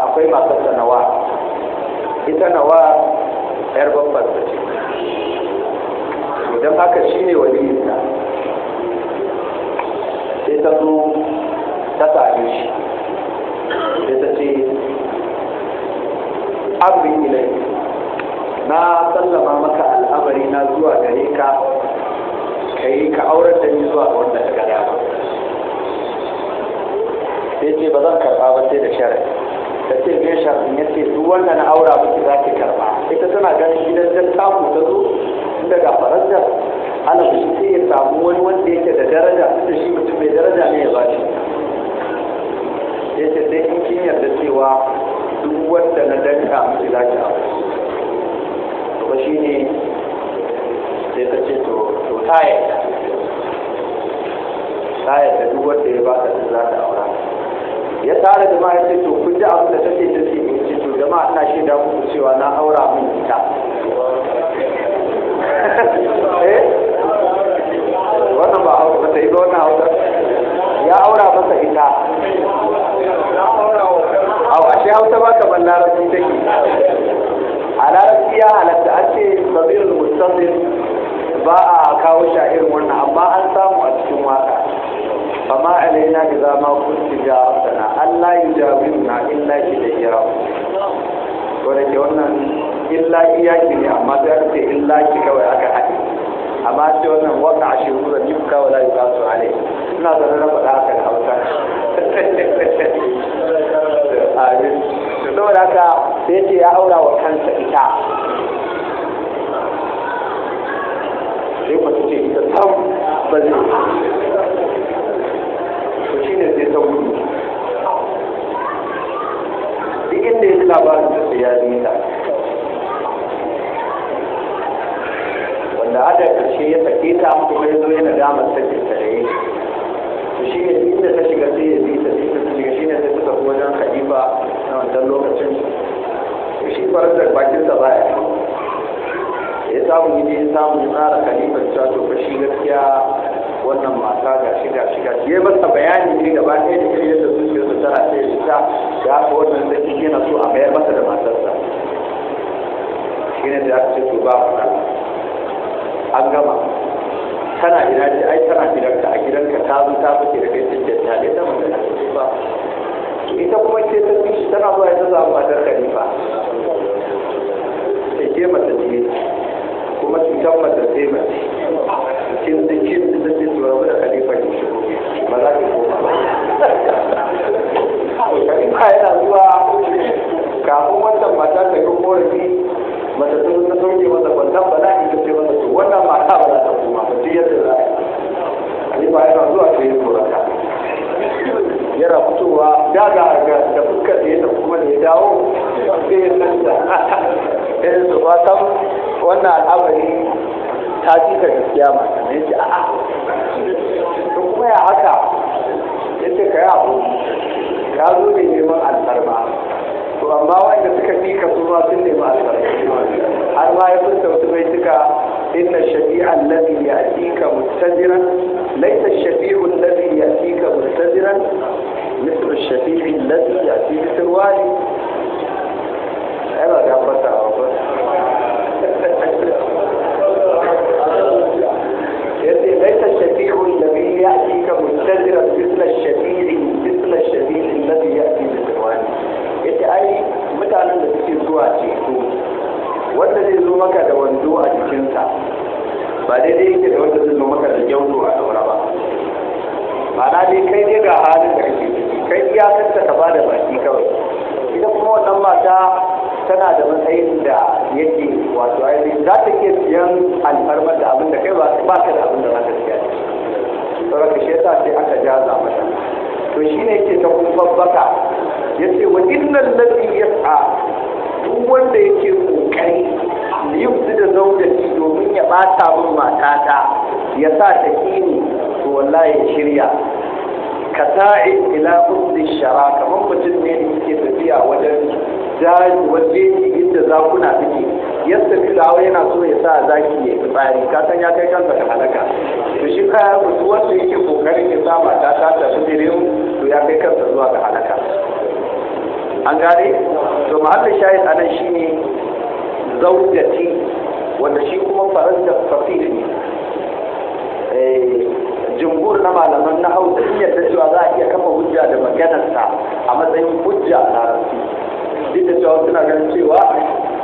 akwai masu sanawa ita nawa yar babbar ce idan haka shine waliyinta sai ta zo ta same shi sai ta ce abin ilai na sallama maka al'amari na zuwa gare ka ka yi ka auren da ni zuwa wanda ta gada ba sai ce ba zan karba ba sai da shari'a da ce me shafin ya ce duk wanda na aura miki za ki karba ita tana ganin gidan jan taku ta zo tun daga faransa ana shi sai ya samu wani wanda yake da daraja da shi mutum mai daraja ne ya bashi sai ya ce sai in kin yarda cewa duk wanda na danka miki za ki aure ba shi ne sai ta ce to to ta yadda ta yadda duk wanda ya baka ta za ta aura ya tare da ma ya ce to kun ji abin da take ta ce in ce to jama'a ina shaida muku cewa na aura min ita *laughs* eh? wannan ba hausa ba ta yi ba wannan hausa ya aura masa ita a ashe hausa ba kamar larabci take a larabci ya halatta an ce sabirin mustaqbil ba a kawo shi a irin wannan amma an samu a cikin waka amma alaina da zama ci ja sana Allah ya jawiru na illa ki da ko da ke wannan illa ya ki ne amma sai aka ce illa ki kawai aka haɗe amma ce wannan waka a shiru da yubka wala yuka su alai ina da na faɗa haka da hausa *laughs* amin saboda haka sai ce ya aura wa kansa ita da ita ba zai shi ne sai ta duk inda ya ji labarin da sai ya wanda karshe ya sake ta kuma ya zo yana damar ta da yake shi ne inda ta shiga sai ya ta sai ta shiga shi ne sai na lokacin shi farar da bakinsa ba ya ya samu ne ya samu tsara kalifar cewa to fa shi gaskiya wannan mata ga shi ga shi ga shi ya masa bayani ne gaba ɗaya da da yadda da tana ta yi ta da haka wannan zai yana so a mayar masa da matarsa shi ne da ce to ba ta an gama tana ina ce ai tana gidanka a gidanka ta zo ta fice da kai cikin ta ne ta magana ce ba ita kuma ce ta fi tana zuwa ya ta zama matar kalifa ke mace ce kan wannan al'amari ta fi ka gaskiya ma ya ce a'a to kuma ya haka ya ce ka yi abu ya zo ne neman alfarma to amma wanda suka fi ka su ma sun nemi alfarma har ma ya furta wasu bai suka إن الشفيع الذي يأتيك مستدرا ليس الشفيع الذي يأتيك مستدرا مثل الشفيع الذي يأتيك سروالي أنا جابتها أبدا Yan alfarmar da abin da kai ba ka da abin da za ka siya sauraka shi yasa sai aka jaza mata to shi ne yake ta kumbabbaka ya ce wa innan lafi yasa duk wanda yake kokari yubdu da zaudaci domin ya bata min matata ya sa ta kini to wallahi ya shirya ka sa'i ila undi shara kamar mutum ne da yake tafiya wajen daji waje inda zakuna suke yadda filawa yana so ya sa zaki ya tsari ka san ya kai kansa ka halaka to shi kaya mutu wanda yake kokarin ya sama ta ta tafi direwu to ya kai kansa zuwa ga halaka an gare, to mahallin shahid anan ne zaujati wanda shi kuma faranta fafi ne eh, jimbur na malaman na hau sun da cewa za a iya kafa hujja da maganarsa a matsayin hujja a larabci duk da cewa suna ganin cewa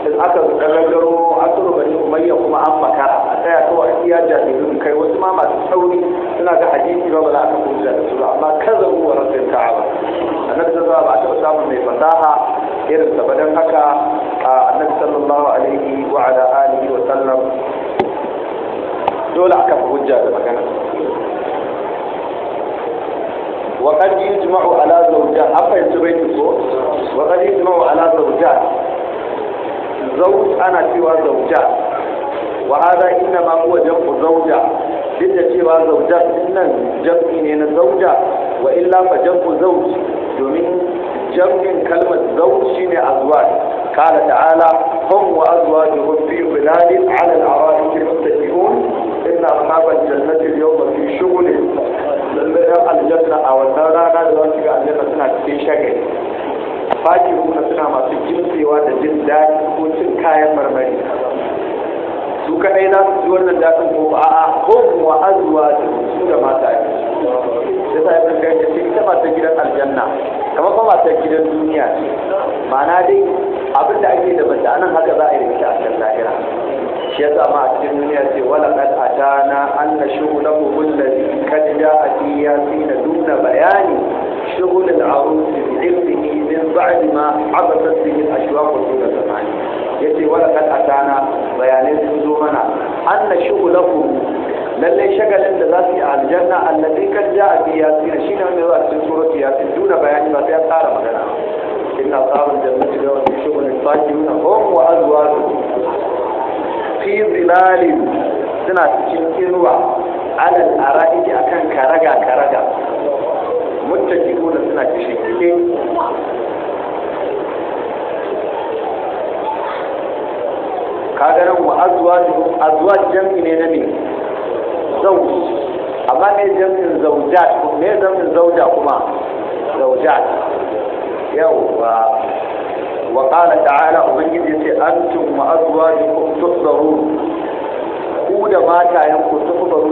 in aka gangaro asuru bani umayya kuma an maka a tsaya kawai iya jahilun kai wasu ma masu sauri suna ga hadisi ba ba za a kafa hujja da su ba amma kaza ruwa rasul ka'aba annabi a alaihi wasallam ba samun mai fasaha irin sa ba dan haka annabi sallallahu alaihi wa ala alihi wa sallam dole aka kafa hujja da magana وقد يجمع على زوجات أفا يتبينكم وقد يجمع على زوجات زوج أنا سوى زوجات وهذا إنما هو جمع زوجة لذا سوى زوجات إن جمع إنين زوجة وإلا فجمع زوج يمين جمع كلمة زوج شين أزواج قال تعالى هم وأزواجهم في بلاد على العرائق المتدئون inna ashaban jannati yawma fi ne lallai yan aljanna a wannan rana da za su ga aljanna suna cikin shagali fakiruna suna masu jinsewa da jin daɗi ko cin kayan marmari su kaɗai za su ji wannan daɗin ko a ko kuma an zuwa da su da mata ya sa ibn kai ta ce ita mata gidan aljanna kamar ba mata gidan duniya ce ma'ana dai abin da ake da mace nan haka za a yi da a can lahira shi yasa ma a cikin duniya ce wala kad atana anna shughlahu alladhi kad nuna fi yasina duna bayani shughul al-arus bi ilmihi min ba'di ma 'abadat bihi al-ashwaq da zamani yace wala kad atana bayanai sun zo mana anna shughulakum lalle shagalin da za su yi a aljanna allazi kan ja a biya yasin shi wanda mai a cikin ya yasin duna bayani ba sai ya tsara magana inna ashabal jannati yawma shughulun faqiruna hum wa azwajuhum fi zilalin suna cikin inuwa alal ara'iki akan karaga karaga muttaquna suna cikin azwajuhum azwaj jam'i ne na mai zauj amma me jam'in zaujat me jam'in zauja kuma zaujat yawwa wa qala ta'ala ubangiji ce antum wa azwajukum tuhdarun ku da matayen ku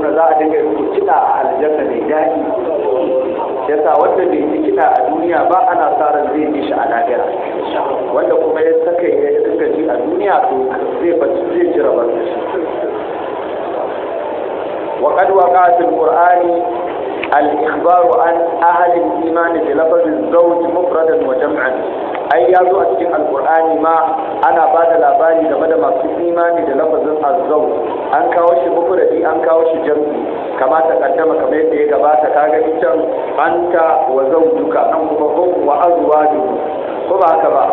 na za a dinga ku kida aljanna ne dadi shi yasa wanda bai ji kiɗa a duniya ba ana sa ran zai ji shi a lahira wanda kuma ya saka ya dinga ji a duniya to zai bace zai ji rabar shi وقد وقع في القرآن الإخبار عن أهل الإيمان بلفظ الزوج مفردا وجمعا ai ya zo a cikin alkur'ani ma ana ba da labari game da masu imani da lafazin azzau an kawo shi mufradi an kawo shi jam'i kamata ta kaddama kamar yadda ya gabata ka ga can anta wa zawjuka nan kuma hum wa azwajuhu ko ba haka ba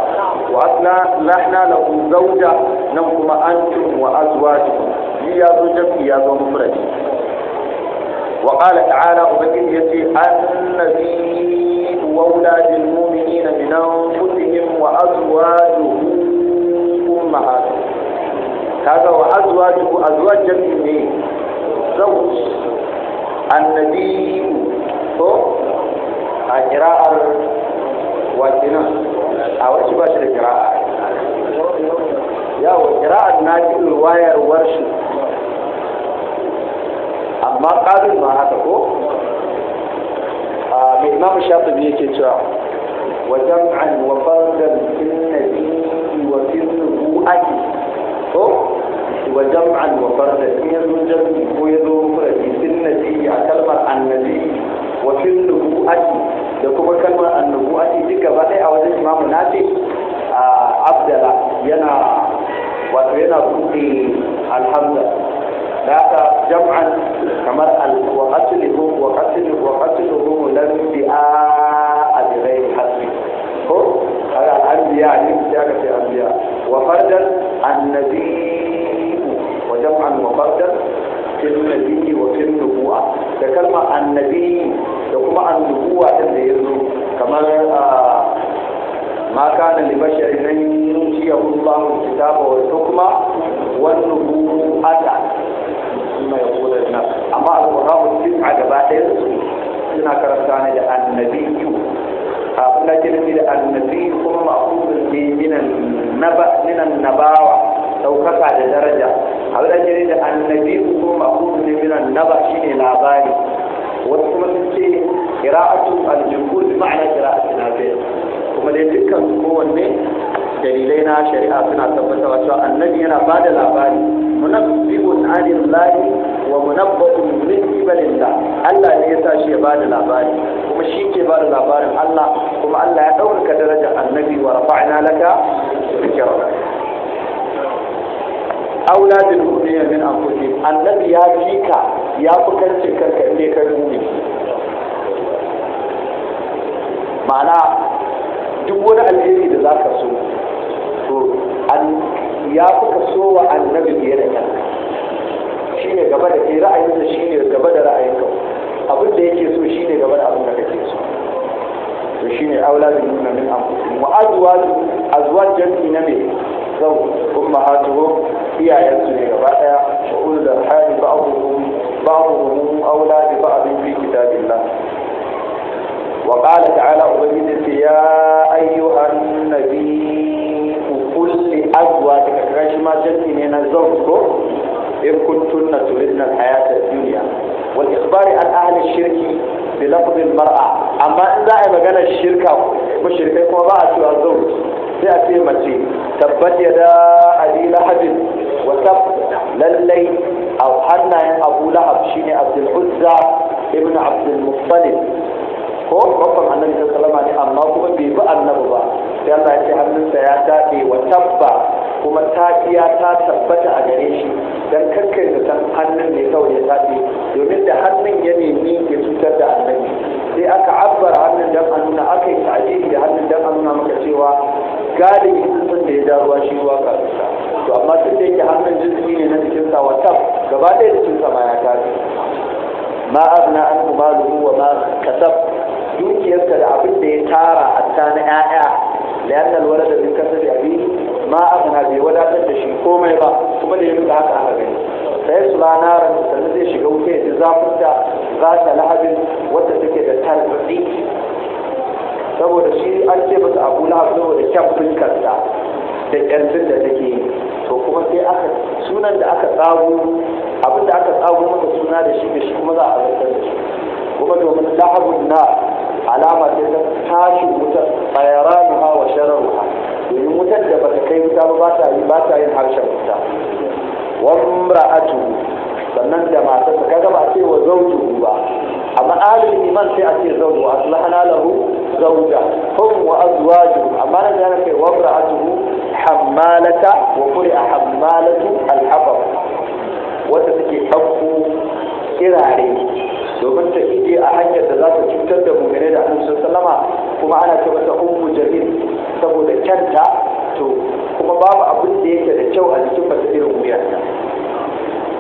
wa asna lahna lahu zawja nan kuma antum wa azwajuhu ni ya zo jami'i ya zo mufradi wa qala ta'ala ubangiji yace annabi wa auladul mu'minina min anfusihim wa azwajuhum ummahatuhum kaga wa azwajuhu azwaj jam'i ne الزوج الذي هو إجراء والجنة أو إثبات الإجراء يا اجراء الناجي الواية ورش أما قابل ما هذا هو آه، الإمام الشاطبي يكتب وجمعا وفردا في النبي وفي النبوءة وجمعا وفردا إن يزو جمعي ويزو مفردي في النبي كلمة النبي وفي النبوءة لكم كلمة النبوءة تلك بقي أو الإمام آه، عبد الله ينا وينا بوتي الحمد ذاك جمعا كما وقتله وقتله وقتله لم بآء بغير حسب هو هذا الأنبياء يعني ذاك في الأنبياء وفردا النبي mubaddal fil nabiyyi wa fil nubuwa da kalma annabiyyi da kuma annubuwa din da yanzu kamar ma kana li bashari an yunti ya Allahu kitaba wa hukma wa nubuwata kuma ya kula na amma al-qur'an din a gaba ɗaya suna karanta ne da annabiyyu abin da ke nufi da annabiyyu kuma ma'udun ne minan naba minan naba ɗaukaka da daraja abin da ke da annabi ko ma'udu ne minan naba ne labari wasu kuma sun ce qira'atu al-jumhur ma'ana qira'atu nafi kuma dai dukkan kowanne dalilai na shari'a suna tabbatarwa cewa annabi yana ba da labari munabbihun anil lahi wa munabbahun min ibalillah Allah ne ya sa shi ya ba da labari kuma shi ke ba da labarin Allah kuma Allah ya ɗaukaka darajar annabi wa rafa'na laka dhikra aula da mu'mina min akwai annabi ya fika ya fi kancin kanka in dai kai mu'mini ma'ana duk wani alheri da zaka so to an ya fi ka so wa annabi fiye da shi ne gaba da kai shi ne gaba da ra'ayin ka abin da yake so shi ne gaba da abin da kake so to shine aula bil duniya min akwai wa azwaj azwaj jami'i na الزوج أمهاتهم هي يسري رأي وأولى الحال بعضهم بعضهم أولى ببعض في كتاب الله وقال تعالى أبيد يا أيها النبي قل لأزواجك كرشما أنا زوجك إن كنتن تردن الحياة الدنيا والإخبار عن أهل الشرك بلفظ المرأة أما إذا أبغى الشركة والشركة فما بعد الزوج sai a ce mace tabbat ya da abi lahabin wa lallai a hannayen abu lahab shine abdul uzza ibn abdul ko babban annabi sallallahu ne amma kuma bai bi annabi ba sai Allah ya ce hannunsa ya daɗe, wa tabba kuma tafiya ta tabbata a gare shi don kakkai da san hannun ne kawai ya tabe domin da hannun ya nemi ya cutar da annabi sai aka abbar hannun dan a nuna aka yi ta'adili da hannun dan a nuna maka cewa gadi sun da ya ja ruwa shi ruwa kafin to amma sun da yake hannun jinsi ne na cikin sa gaba ɗaya cikin sa ma ya tashi ma abna an kumalu wa ma kasab dukiyarsa da abin da ya tara a tsana 'ya'ya, liyan wani da bin kasar ya bi ma abna bai wadatar da shi komai ba kuma da ya nuna haka aka gani sai su ba naran sannan zai shiga wuta ya ji zafin da za ta lahabin wata take da talbi saboda shi an ce masa abu na abu saboda kyan fuskarsa da kyantin da take yi to kuma sai aka sunan da aka tsago abin da aka tsago masa suna da shi da shi kuma za a zartar da shi kuma domin lahabun na alama ce ta tashin wutar tsayaranuha wa shararuha domin wutar da ba ta kai wuta ba ba ta yin harshen wuta wamra'atu sannan da matarsa kaga ba ce wa zawjuhu ba amma ahlul man sai a ce zawju aslahana lahu zauja hum wa azwaju amma nan ya nake wa ra'atuhu hammalata wa kulli hammalatu al-habab wata take hakku kirare domin ta ije a hanyar da za ta cutar da mugare da annabi sallama kuma ana tabbatar mata ummu jamil saboda kyanta to kuma babu abin da yake da kyau a jikin mace irin wuyar ta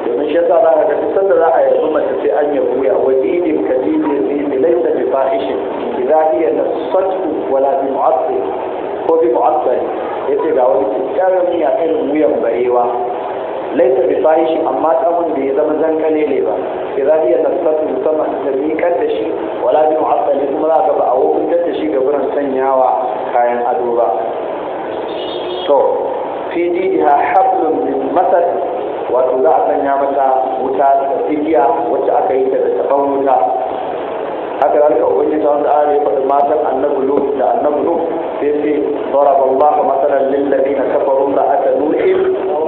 domin shi yasa za ka ga duk sanda za a yarda sai an yi wuya wa dinin kadidin zai bi laisa بفاحش إذا هي نصته ولا بمعطل ko bi mu'assal yace ga wani kyakkyawan miya irin wuyan barewa laisa bi fahishi amma tsawon bai ya zama zankale ne ba idan ya nasatu musamman da miƙar da shi wala bi mu'assal kuma za a ba a wutar da shi ga wurin sanyawa kayan ado ba to fi diha min wato za a sanya mata wuta da igiya wacce aka yi ta da wuta haka zalika ubangiji ta wanda ya faɗi matan annabi lut da annabi nuh sai ce daraba Allah masalan lil ladina kafaru la atanu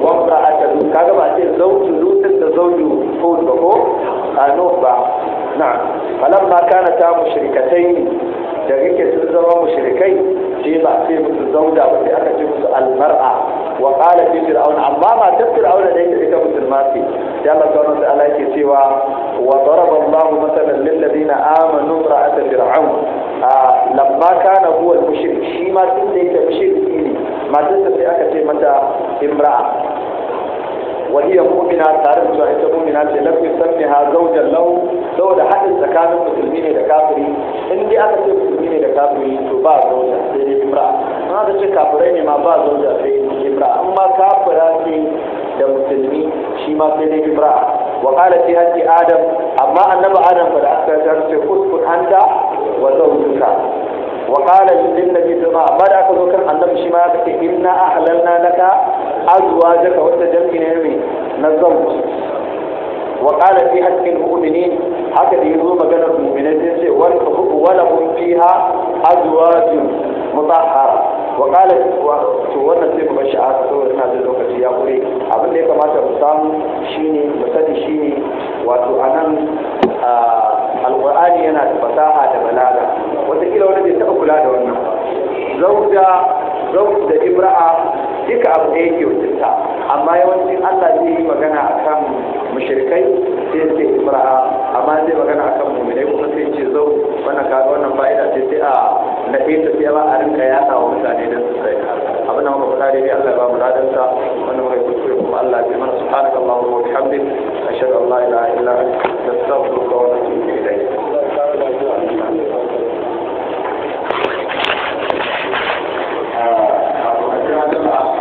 wa la atanu kaga ba ce zautu lutin da zautu hud ba ko ano ba na na'am falamma kana ta mushrikatai da kake sun zama mushrikai sai ba sai musu zauda ba sai aka ce musu almar'a wa qala fi fir'auna amma ma ta fir'auna da yake ita musulma ce sai Allah subhanahu wa ta'ala yake cewa wa daraba Allahu masalan lil ladina amanu ra'at fir'aun lamma kana huwa al-mushrik shi ma tun da yake mushriki ne matarsa sai aka ce mata imra'a وهي مؤمنة تعرف شاهدة tsakanin musulmi ne da kafiri, in حد aka ce musulmi ne da kafiri, to ba تباع زوجة سيدي imra'a. aka ce kafirai ne ma ba zo da, sai kibra in ma kafira ce da musulmi shi ma sai dai kibra wa qala fi hadi adam amma annabi adam fa da aka ce kuskun anta wa zawjuka wa qala na nabi sama amma da aka zo kan annabi shi ma aka ce inna ahlalna laka azwajaka wa tajallina ne na zawj wa qala fi haqqi al-mu'minin haka da yi yazo maganar mu'minai sai wal hubu wa lahum fiha azwajun mutahhar wa to wannan sai kuma shi a saboda ina da lokaci ya kure abin da ya kamata mu samu shine mu sani shine wato anan alqur'ani yana da fasaha da balaga wataƙila wani bai taba kula da wannan zauda zau da ibra'a duka abu da yake wutinta amma yawanci allah zai yi magana a kan mushirkai sai ce ibra'a amma zai magana a kan mummune kuma sai ce zau wannan kaga wannan fa'ida sai sai a naɗe ta sai ba a rinka yaɗa wa mutane don su sai abin da muka faɗa daidai allah ba mu ladansa wannan muka yi kuskure kuma allah zai mana subhanaka allahumma wa bihamdik ashhadu an la ilaha illa anta astaghfiruka wa atubu ilayk a,